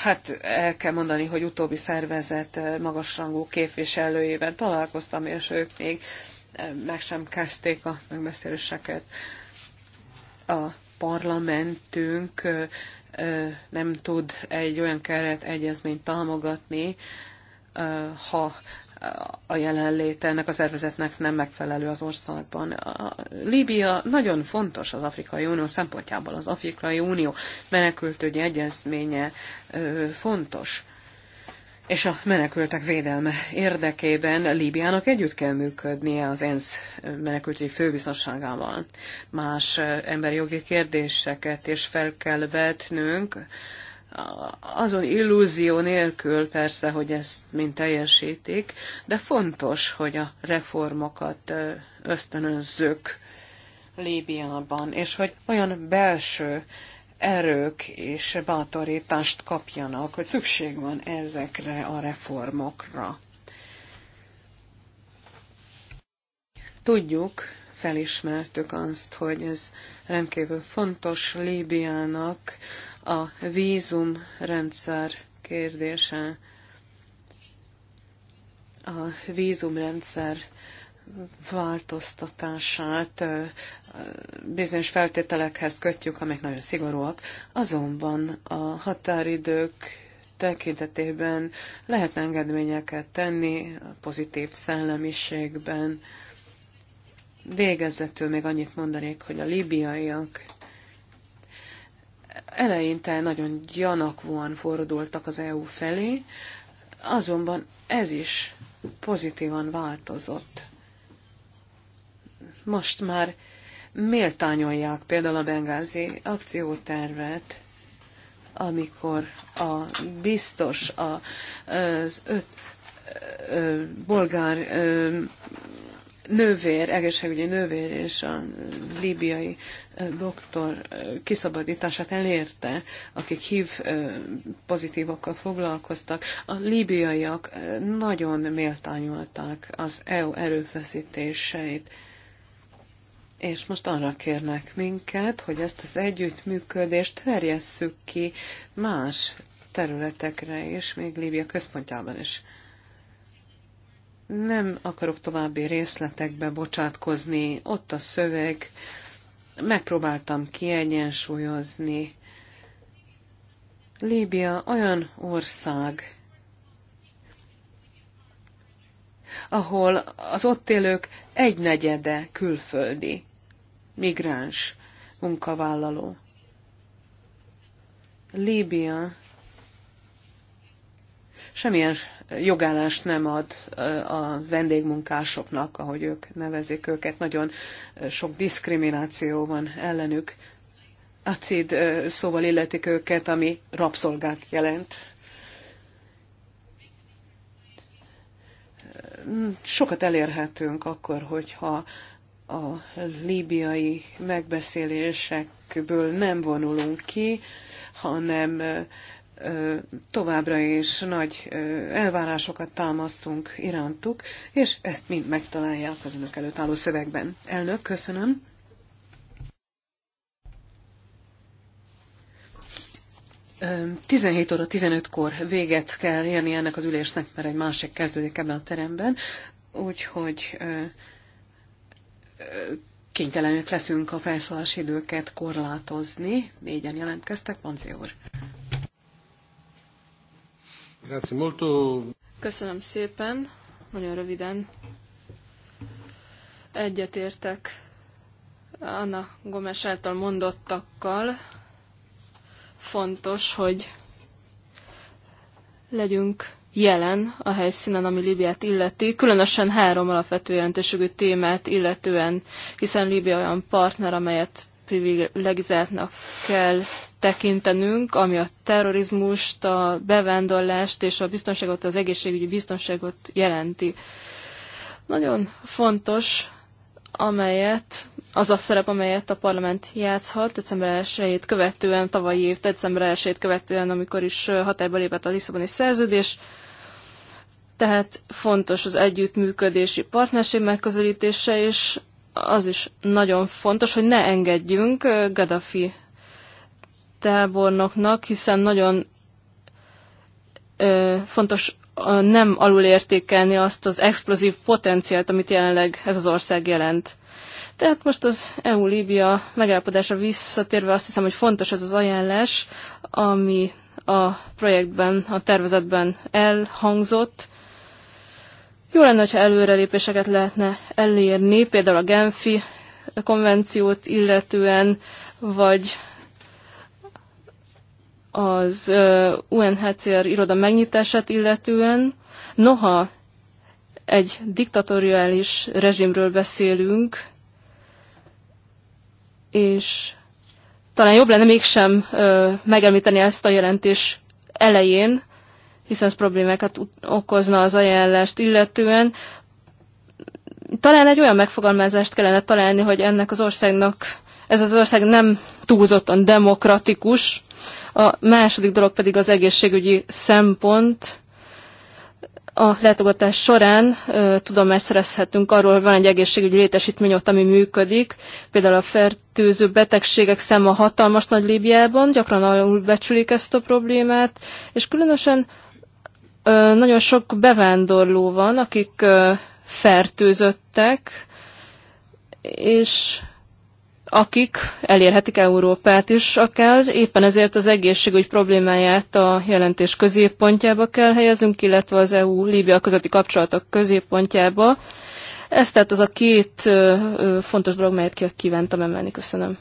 hát el kell mondani, hogy utóbbi szervezet magasrangú képviselőjével találkoztam, és ők még meg sem kezdték a megbeszéléseket. A parlamentünk nem tud egy olyan keret egyezményt támogatni, ha a jelenléte ennek a szervezetnek nem megfelelő az országban. A Líbia nagyon fontos az Afrikai Unió szempontjából. Az Afrikai Unió menekültügyi egyezménye fontos. És a menekültek védelme érdekében Líbiának együtt kell működnie az ENSZ menekültügyi főbiztonságával, Más emberi jogi kérdéseket is fel kell vetnünk, azon illúzió nélkül persze, hogy ezt mind teljesítik, de fontos, hogy a reformokat ösztönözzük Líbiában, és hogy olyan belső erők és bátorítást kapjanak, hogy szükség van ezekre a reformokra. Tudjuk, felismertük azt, hogy ez rendkívül fontos Líbiának, a vízumrendszer kérdése. A vízumrendszer változtatását bizonyos feltételekhez kötjük, amelyek nagyon szigorúak, azonban a határidők tekintetében lehet engedményeket tenni a pozitív szellemiségben. Végezetül még annyit mondanék, hogy a libiaiak eleinte nagyon gyanakvóan fordultak az EU felé, azonban ez is pozitívan változott. Most már méltányolják például a bengázi akciótervet, amikor a biztos a, az öt bolgár nővér, egészségügyi nővér és a líbiai doktor kiszabadítását elérte, akik hív pozitívokkal foglalkoztak. A líbiaiak nagyon méltányolták az EU erőfeszítéseit. És most arra kérnek minket, hogy ezt az együttműködést terjesszük ki más területekre is, még Líbia központjában is. Nem akarok további részletekbe bocsátkozni, ott a szöveg, megpróbáltam kiegyensúlyozni. Líbia olyan ország, ahol az ott élők egynegyede külföldi, migráns, munkavállaló. Líbia semmilyen jogállást nem ad a vendégmunkásoknak, ahogy ők nevezik őket. Nagyon sok diszkrimináció van ellenük. Acid szóval illetik őket, ami rabszolgák jelent. Sokat elérhetünk akkor, hogyha a líbiai megbeszélésekből nem vonulunk ki, hanem továbbra is nagy elvárásokat támasztunk irántuk, és ezt mind megtalálják az önök előtt álló szövegben. Elnök, köszönöm. Ö, 17 óra 15-kor véget kell érni ennek az ülésnek, mert egy másik kezdődik ebben a teremben, úgyhogy ö, kénytelenek leszünk a felszólási időket korlátozni. Négyen jelentkeztek, Panzi úr. Grazie molto. Köszönöm szépen, nagyon röviden. Egyetértek Anna Gomes által mondottakkal. Fontos, hogy legyünk jelen a helyszínen, ami Líbiát illeti, különösen három alapvető jelentőségű témát illetően, hiszen Líbia olyan partner, amelyet privilegizáltnak kell tekintenünk, ami a terrorizmust, a bevándorlást és a biztonságot, az egészségügyi biztonságot jelenti. Nagyon fontos, amelyet, az a szerep, amelyet a parlament játszhat december 1 követően, tavalyi év december 1 követően, amikor is hatályba lépett a Lisszaboni szerződés, tehát fontos az együttműködési partnerség megközelítése, és az is nagyon fontos, hogy ne engedjünk Gaddafi tábornoknak, hiszen nagyon ö, fontos ö, nem alulértékelni azt az explozív potenciált, amit jelenleg ez az ország jelent. Tehát most az EU-Líbia megállapodása visszatérve azt hiszem, hogy fontos ez az ajánlás, ami a projektben, a tervezetben elhangzott. Jó lenne, ha előrelépéseket lehetne elérni, például a Genfi konvenciót illetően, vagy az UNHCR iroda megnyitását illetően, noha egy diktatoriális rezsimről beszélünk, és talán jobb lenne mégsem ö, megemlíteni ezt a jelentés elején, hiszen ez problémákat okozna az ajánlást illetően. Talán egy olyan megfogalmazást kellene találni, hogy ennek az országnak, ez az ország nem túlzottan demokratikus, a második dolog pedig az egészségügyi szempont. A látogatás során ö, tudomást szerezhetünk arról, hogy van egy egészségügyi létesítmény ott, ami működik. Például a fertőző betegségek száma hatalmas nagy Líbiában, gyakran becsülik ezt a problémát, és különösen nagyon sok bevándorló van, akik ö, fertőzöttek, és akik elérhetik Európát is akár. Éppen ezért az egészségügy problémáját a jelentés középpontjába kell helyeznünk, illetve az EU-Líbia közötti kapcsolatok középpontjába. Ez tehát az a két fontos dolog, melyet kívántam emelni. Köszönöm.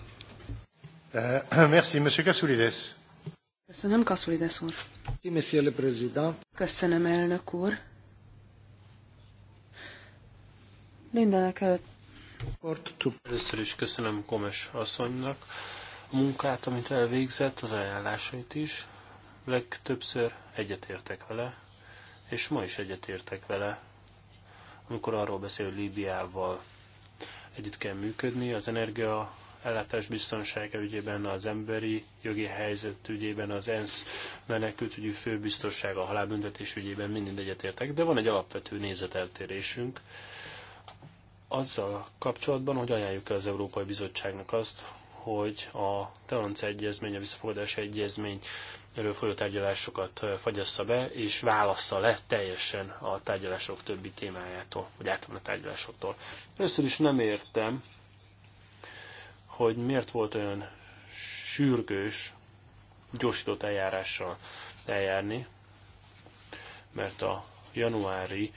Eh, merci, Monsieur Kassoulides. Köszönöm, Kassoulides úr. Monsieur le Président. Köszönöm, elnök úr. Mindenek előtt Először is köszönöm Komes asszonynak a munkát, amit elvégzett, az ajánlásait is. Legtöbbször egyetértek vele, és ma is egyetértek vele, amikor arról beszél, hogy Líbiával együtt kell működni, az energia ellátás biztonsága ügyében, az emberi jogi helyzet ügyében, az ENSZ menekültügyi főbiztossága, a halálbüntetés ügyében mind egyetértek, de van egy alapvető nézeteltérésünk, azzal kapcsolatban, hogy ajánljuk az Európai Bizottságnak azt, hogy a tolerancia egyezmény, a visszafogadási egyezmény erről folyó tárgyalásokat fagyassza be, és válassza le teljesen a tárgyalások többi témájától, vagy általában a tárgyalásoktól. Először is nem értem, hogy miért volt olyan sürgős, gyorsított eljárással eljárni, mert a januári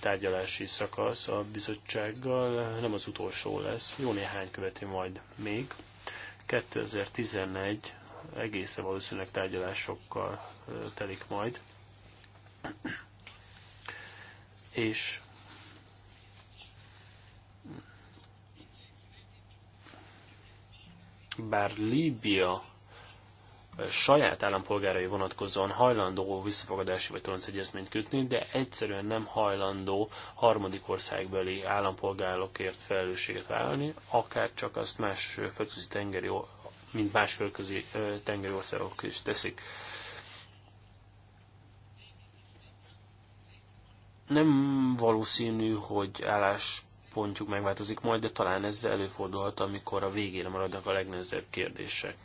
tárgyalási szakasz a bizottsággal nem az utolsó lesz, jó néhány követi majd még. 2011 egészen valószínűleg tárgyalásokkal telik majd. És bár Líbia saját állampolgárai vonatkozóan hajlandó visszafogadási vagy toloncegyezményt kötni, de egyszerűen nem hajlandó harmadik országbeli állampolgárokért felelősséget vállalni, akár csak azt más földközi tengeri, mint más földközi tengeri országok is teszik. Nem valószínű, hogy állás pontjuk megváltozik majd, de talán ez előfordulhat, amikor a végére maradnak a legnehezebb kérdések.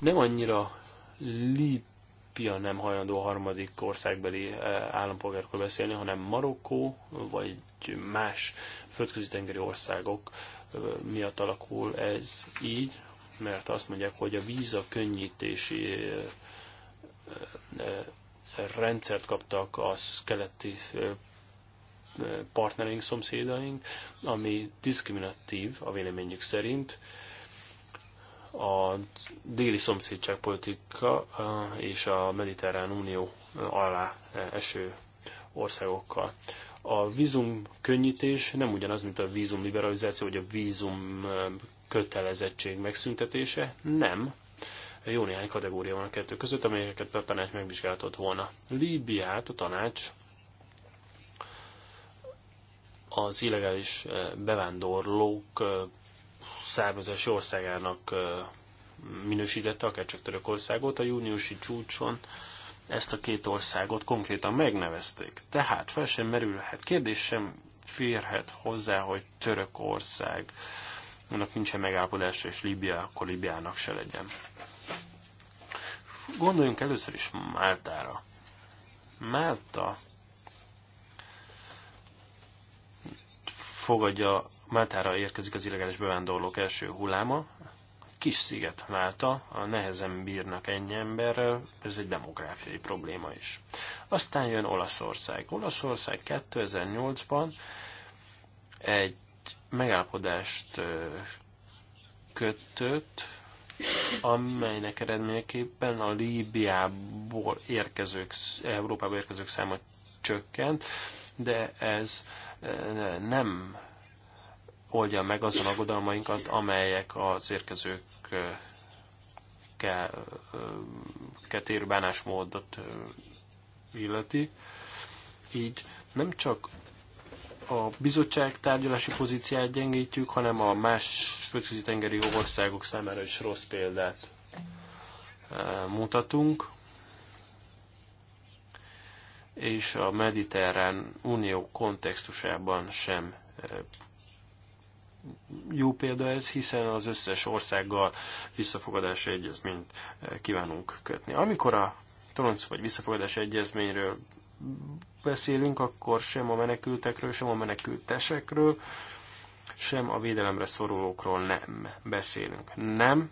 nem annyira Líbia nem hajlandó a harmadik országbeli eh, állampolgárokról beszélni, hanem Marokkó vagy más földközi tengeri országok eh, miatt alakul ez így, mert azt mondják, hogy a víza könnyítési eh, rendszert kaptak a keleti partnereink, szomszédaink, ami diszkriminatív a véleményük szerint, a déli politika és a Mediterrán Unió alá eső országokkal. A vízum könnyítés nem ugyanaz, mint a vízum liberalizáció, vagy a vízum kötelezettség megszüntetése. Nem. Jó néhány kategória van a kettő között, amelyeket a tanács megvizsgáltott volna. Líbiát a tanács az illegális bevándorlók származási országának minősítette, akár csak Törökországot a júniusi csúcson, ezt a két országot konkrétan megnevezték. Tehát fel sem merülhet, kérdés sem férhet hozzá, hogy Törökország annak nincsen megállapodása, és Líbia, akkor Líbiának se legyen. Gondoljunk először is Máltára. Málta fogadja Máltára érkezik az illegális bevándorlók első hulláma. Kis sziget Málta, a nehezen bírnak ennyi emberrel, ez egy demográfiai probléma is. Aztán jön Olaszország. Olaszország 2008-ban egy megállapodást kötött, amelynek eredményeképpen a Líbiából érkezők, Európába érkezők száma csökkent, de ez nem oldja meg azon aggodalmainkat, amelyek az érkezőket ér bánásmódot illeti. Így nem csak a bizottság tárgyalási pozíciát gyengítjük, hanem a más földközi tengeri országok számára is rossz példát mutatunk és a mediterrán unió kontextusában sem jó példa ez, hiszen az összes országgal visszafogadási egyezményt eh, kívánunk kötni. Amikor a tolonc vagy visszafogadási egyezményről beszélünk, akkor sem a menekültekről, sem a menekültesekről, sem a védelemre szorulókról nem beszélünk. Nem,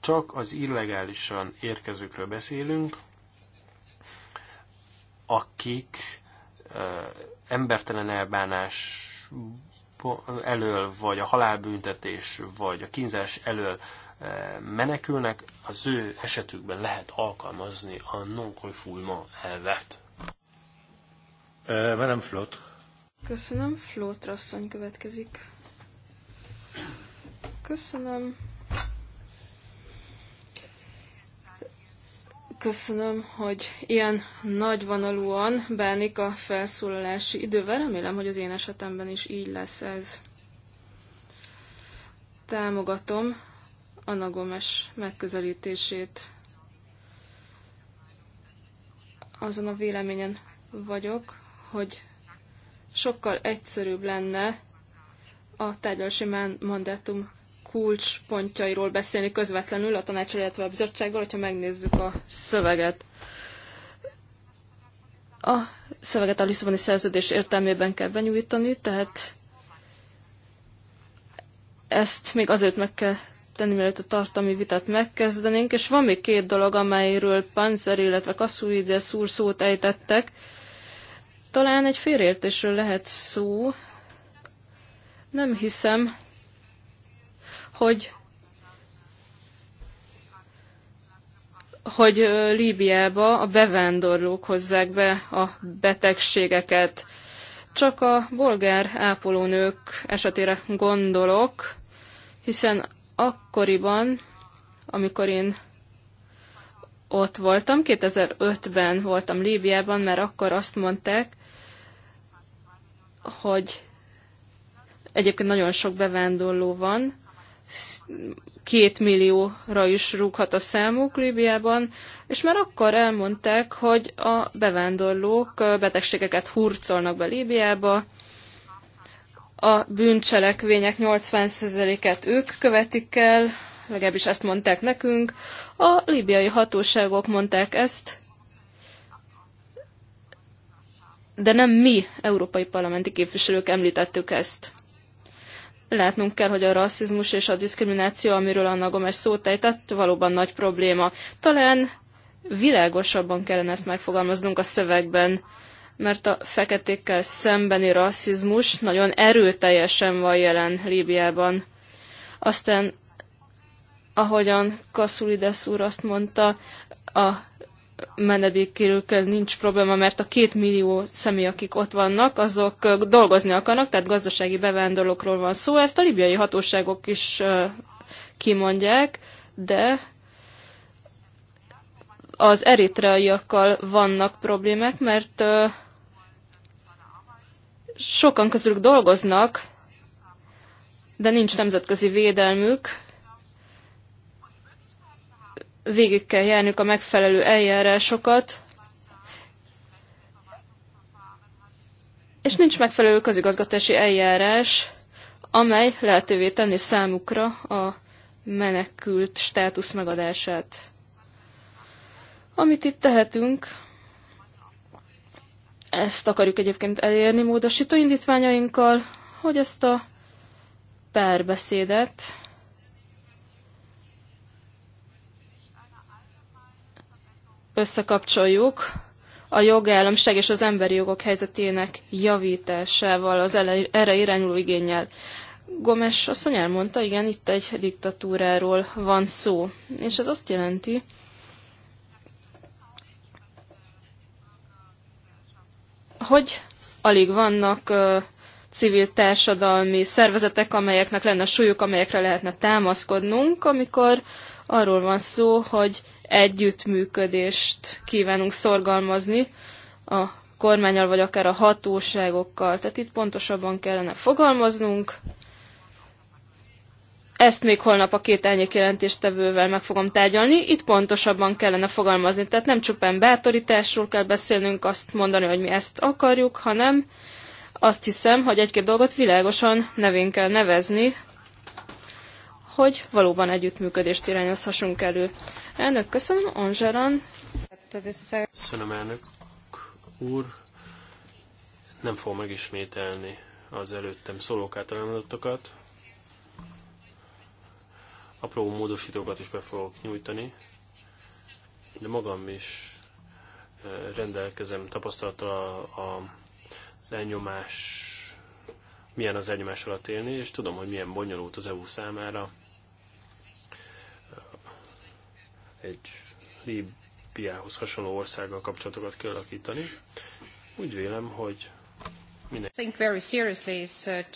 csak az illegálisan érkezőkről beszélünk, akik eh, embertelen elbánás elől, vagy a halálbüntetés, vagy a kínzás elől eh, menekülnek, az ő esetükben lehet alkalmazni a non fulma elvet. Velem eh, flott. Köszönöm, Flót asszony következik. Köszönöm, Köszönöm, hogy ilyen nagyvonalúan bánik a felszólalási idővel. Remélem, hogy az én esetemben is így lesz ez. Támogatom a nagomes megközelítését. Azon a véleményen vagyok, hogy sokkal egyszerűbb lenne a tárgyalási mandátum kulcspontjairól beszélni közvetlenül a tanács, illetve a bizottsággal, hogyha megnézzük a szöveget. A szöveget a Lisszaboni szerződés értelmében kell benyújtani, tehát ezt még azért meg kell tenni, mielőtt a tartalmi vitát megkezdenénk, és van még két dolog, amelyről Panzer, illetve Kasszuides úr szót ejtettek. Talán egy félértésről lehet szó. Nem hiszem, hogy hogy Líbiába a bevándorlók hozzák be a betegségeket. Csak a bolgár ápolónők esetére gondolok, hiszen akkoriban, amikor én ott voltam, 2005-ben voltam Líbiában, mert akkor azt mondták, hogy egyébként nagyon sok bevándorló van, két millióra is rúghat a számuk Líbiában, és már akkor elmondták, hogy a bevándorlók betegségeket hurcolnak be Líbiába, a bűncselekvények 80%-et ők követik el, legalábbis ezt mondták nekünk. A líbiai hatóságok mondták ezt, de nem mi, európai parlamenti képviselők említettük ezt látnunk kell, hogy a rasszizmus és a diszkrimináció, amiről Anna Gomes szót ejtett, valóban nagy probléma. Talán világosabban kellene ezt megfogalmaznunk a szövegben, mert a feketékkel szembeni rasszizmus nagyon erőteljesen van jelen Líbiában. Aztán, ahogyan Kaszulidesz úr azt mondta, a menedékkérőkkel nincs probléma, mert a két millió személy, akik ott vannak, azok dolgozni akarnak, tehát gazdasági bevándorlókról van szó. Ezt a libiai hatóságok is kimondják, de az eritreaiakkal vannak problémák, mert sokan közülük dolgoznak, de nincs nemzetközi védelmük, végig kell járniuk a megfelelő eljárásokat, és nincs megfelelő közigazgatási eljárás, amely lehetővé tenni számukra a menekült státusz megadását. Amit itt tehetünk, ezt akarjuk egyébként elérni módosító indítványainkkal, hogy ezt a párbeszédet összekapcsoljuk a jogállamiság és az emberi jogok helyzetének javításával, az erre irányuló igényel. Gomes asszony elmondta, igen, itt egy diktatúráról van szó, és ez azt jelenti, hogy alig vannak civil társadalmi szervezetek, amelyeknek lenne súlyuk, amelyekre lehetne támaszkodnunk, amikor arról van szó, hogy együttműködést kívánunk szorgalmazni a kormányal vagy akár a hatóságokkal. Tehát itt pontosabban kellene fogalmaznunk. Ezt még holnap a két elnyék jelentéstevővel meg fogom tárgyalni. Itt pontosabban kellene fogalmazni. Tehát nem csupán bátorításról kell beszélnünk, azt mondani, hogy mi ezt akarjuk, hanem azt hiszem, hogy egy-két dolgot világosan nevén kell nevezni, hogy valóban együttműködést irányozhassunk elő. Elnök, köszönöm, Angelan. Köszönöm, elnök úr. Nem fog megismételni az előttem szólók által elmondottakat. Apró módosítókat is be fogok nyújtani, de magam is rendelkezem tapasztalata az elnyomás milyen az elnyomás alatt élni, és tudom, hogy milyen bonyolult az EU számára egy Líbiához hasonló országgal kapcsolatokat kialakítani. Úgy vélem, hogy minden... Think very seriously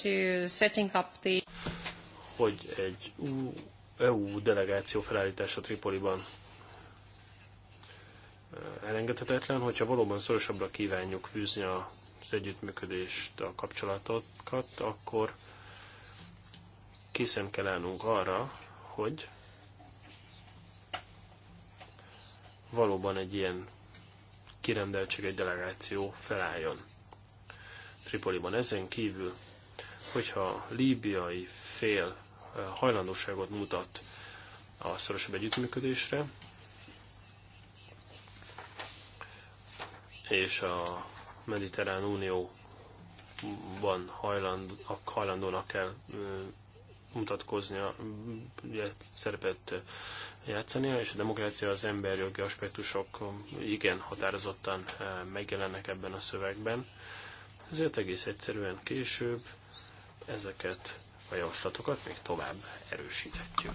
to setting up the... hogy egy EU delegáció felállítása Tripoliban eh, elengedhetetlen, hogyha valóban szorosabbra kívánjuk fűzni az együttműködést, a kapcsolatokat, akkor készen kell állnunk arra, hogy valóban egy ilyen kirendeltség, egy delegáció felálljon. Tripoliban ezen kívül, hogyha líbiai fél eh, hajlandóságot mutat a szorosabb együttműködésre, és a Mediterrán Unióban hajland, hajlandónak kell eh, mutatkoznia, szerepet játszania, és a demokrácia az emberjogi aspektusok igen határozottan eh, megjelennek ebben a szövegben. Ezért egész egyszerűen később ezeket a javaslatokat még tovább erősíthetjük.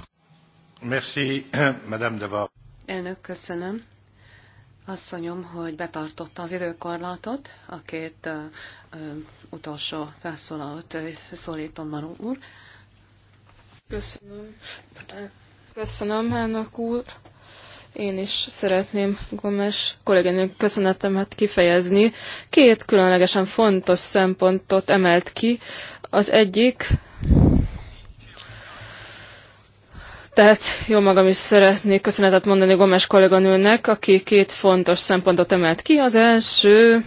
Merci, Madame Deva. Elnök, köszönöm. Asszonyom, hogy betartotta az időkorlátot, a két ö, eh, ö, eh, utolsó felszólalót szólítom, Manu úr. Köszönöm. Köszönöm, elnök úr. Én is szeretném Gomes kolléganők köszönetemet kifejezni. Két különlegesen fontos szempontot emelt ki. Az egyik, tehát jó magam is szeretnék köszönetet mondani Gomes kolléganőnek, aki két fontos szempontot emelt ki. Az első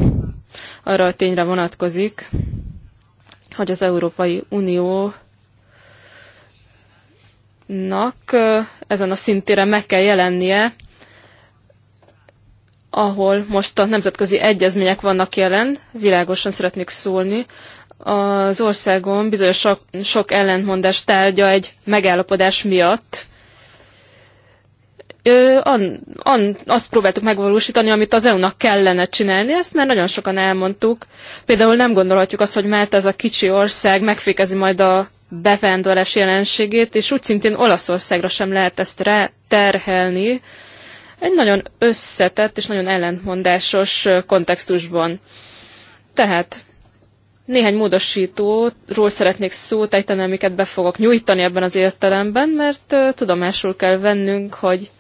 arra a tényre vonatkozik, hogy az Európai Unió nak ezen a szintére meg kell jelennie, ahol most a nemzetközi egyezmények vannak jelen, világosan szeretnék szólni, az országon bizonyos sok, sok ellentmondás tárgya egy megállapodás miatt. Ö, an, an, azt próbáltuk megvalósítani, amit az EU-nak kellene csinálni, ezt már nagyon sokan elmondtuk. Például nem gondolhatjuk azt, hogy Málta ez a kicsi ország megfékezi majd a bevándorlás jelenségét, és úgy szintén Olaszországra sem lehet ezt rá terhelni, egy nagyon összetett és nagyon ellentmondásos kontextusban. Tehát néhány módosítóról szeretnék szót ejteni, amiket be fogok nyújtani ebben az értelemben, mert tudomásul kell vennünk, hogy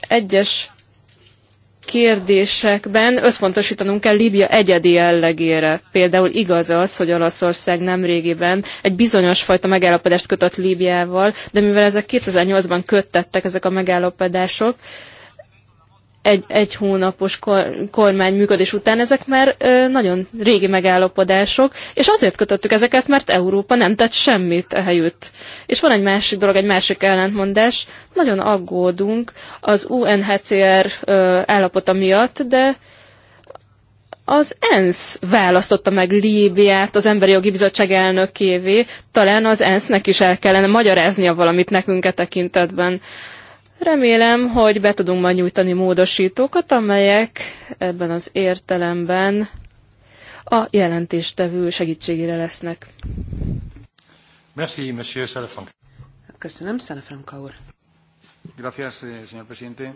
egyes kérdésekben összpontosítanunk kell Líbia egyedi jellegére. Például igaz az, hogy Olaszország nemrégiben egy bizonyos fajta megállapodást kötött Líbiával, de mivel ezek 2008-ban köttettek ezek a megállapodások, egy, egy hónapos kor, kormány működés után ezek már ö, nagyon régi megállapodások, és azért kötöttük ezeket, mert Európa nem tett semmit ehelyütt. És van egy másik dolog, egy másik ellentmondás. Nagyon aggódunk az UNHCR ö, állapota miatt, de az ENSZ választotta meg Líbiát az Emberi Jogi Bizottság elnökévé. Talán az ENSZ-nek is el kellene magyaráznia valamit nekünk e tekintetben. Ö, Remélem, hogy be tudunk majd nyújtani módosítókat, amelyek ebben az értelemben a jelentéstevő segítségére lesznek. Merci, monsieur Salafranca. Köszönöm, Salafranca úr. Gracias, eh, señor presidente.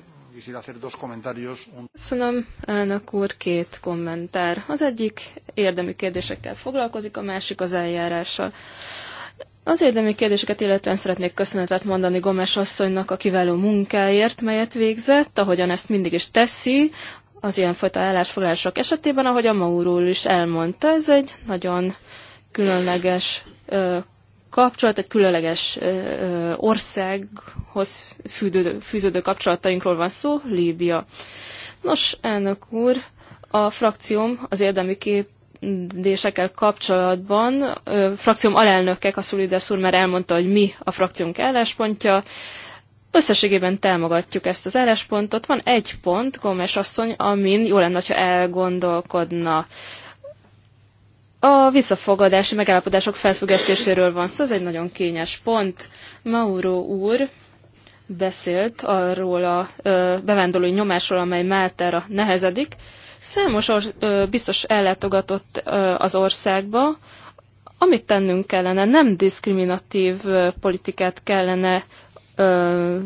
Köszönöm, elnök úr, két kommentár. Az egyik érdemi kérdésekkel foglalkozik, a másik az eljárással. Az érdemi kérdéseket illetően szeretnék köszönetet mondani Gomes asszonynak a kiváló munkáért, melyet végzett, ahogyan ezt mindig is teszi, az ilyenfajta állásfoglalások esetében, ahogy a Maurul is elmondta, ez egy nagyon különleges ö, kapcsolat, egy különleges ö, országhoz fűdődő, fűződő kapcsolatainkról van szó, Líbia. Nos, elnök úr, a frakcióm az érdemi kép kérdésekkel kapcsolatban frakcióm alelnökek, a Szulides úr már elmondta, hogy mi a frakciónk álláspontja. Összességében támogatjuk ezt az álláspontot. Van egy pont, Gomes asszony, amin jó lenne, ha elgondolkodna. A visszafogadási megállapodások felfüggesztéséről van szó, ez egy nagyon kényes pont. Mauro úr beszélt arról a ö, bevándorlói nyomásról, amely Máltára nehezedik. Számos or- biztos ellátogatott az országba, amit tennünk kellene, nem diszkriminatív politikát kellene ö,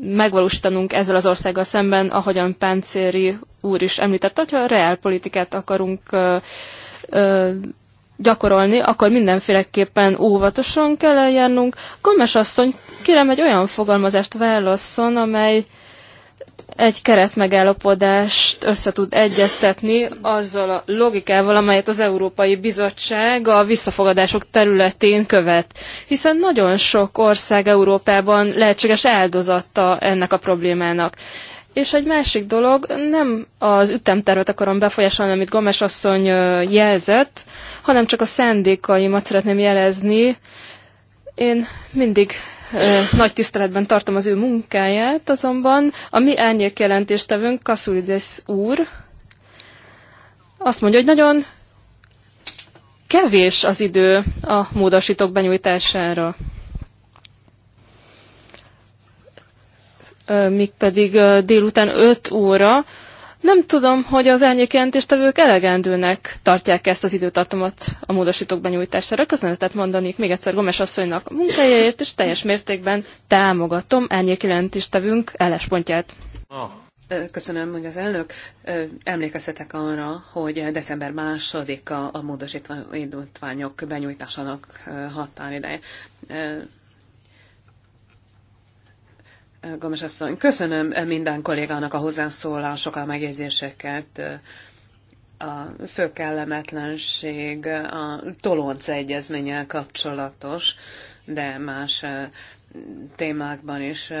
megvalósítanunk ezzel az országgal szemben, ahogyan Páncéri úr is említette, hogyha reálpolitikát akarunk ö, ö, gyakorolni, akkor mindenféleképpen óvatosan kell eljárnunk. Gomes asszony, kérem, egy olyan fogalmazást válasszon, amely ö, egy keretmegállapodást össze tud egyeztetni azzal a logikával, amelyet az Európai Bizottság a visszafogadások területén követ. Hiszen nagyon sok ország Európában lehetséges áldozatta ennek a problémának. És egy másik dolog, nem az ütemtervet akarom befolyásolni, amit Gomes asszony jelzett, hanem csak a szándékaimat szeretném jelezni. Én mindig nagy tiszteletben tartom az ő munkáját, azonban a mi árnyék jelentéstevőnk Kasulides úr azt mondja, hogy nagyon kevés az idő a módosítók benyújtására. Míg pedig délután 5 óra, nem tudom, hogy az elnyékjelentéstevők elegendőnek tartják ezt az időtartamot a módosítók benyújtására. Köszönetet mondanék még egyszer Gomes asszonynak a munkájáért, és teljes mértékben támogatom elnyékjelentéstevünk álláspontját. Ah. Köszönöm, hogy az elnök. Emlékeztetek arra, hogy december másodika a módosítványok benyújtásának határideje. Gomes asszony, köszönöm minden kollégának a hozzászólásokat, a megjegyzéseket. A fő kellemetlenség a tolonc egyezménnyel kapcsolatos, de más témákban is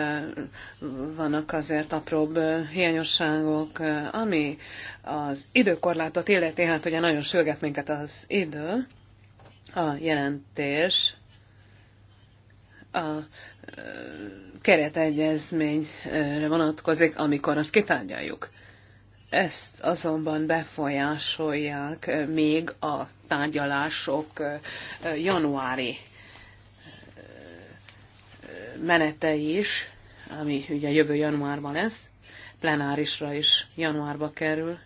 vannak azért apróbb hiányosságok, ami az időkorlátot illeti, hát ugye nagyon sürget minket az idő, a jelentés, a keretegyezményre vonatkozik, amikor azt kitárgyaljuk. Ezt azonban befolyásolják még a tárgyalások januári menete is, ami ugye jövő januárban lesz, plenárisra is januárba kerül,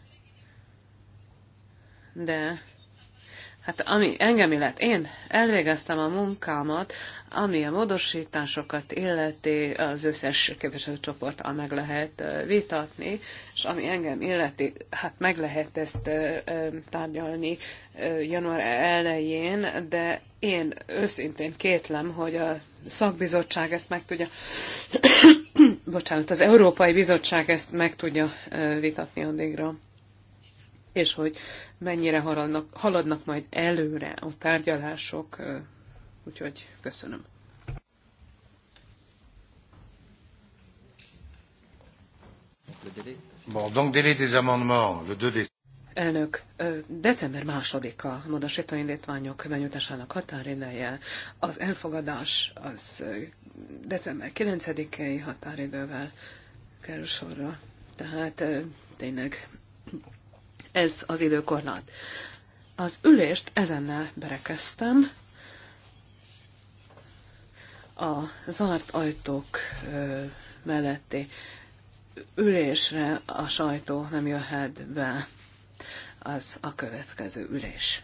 de Hát ami engem illet, én elvégeztem a munkámat, ami a módosításokat illeti, az összes képviselőcsoporttal meg lehet vitatni, és ami engem illeti, hát meg lehet ezt tárgyalni január elején, de én őszintén kétlem, hogy a szakbizottság ezt meg tudja, bocsánat, az Európai Bizottság ezt meg tudja vitatni addigra és hogy mennyire haladnak, haladnak majd előre a tárgyalások. Úgyhogy köszönöm. Bon, donc délai des amendements, le 2 Elnök, december másodika módosító indítványok benyújtásának határideje, az elfogadás az december 9-i határidővel kerül sorra. Tehát tényleg ez az időkorlát. Az ülést ezennel berekeztem. A zárt ajtók melletti ülésre a sajtó nem jöhet be. Az a következő ülés.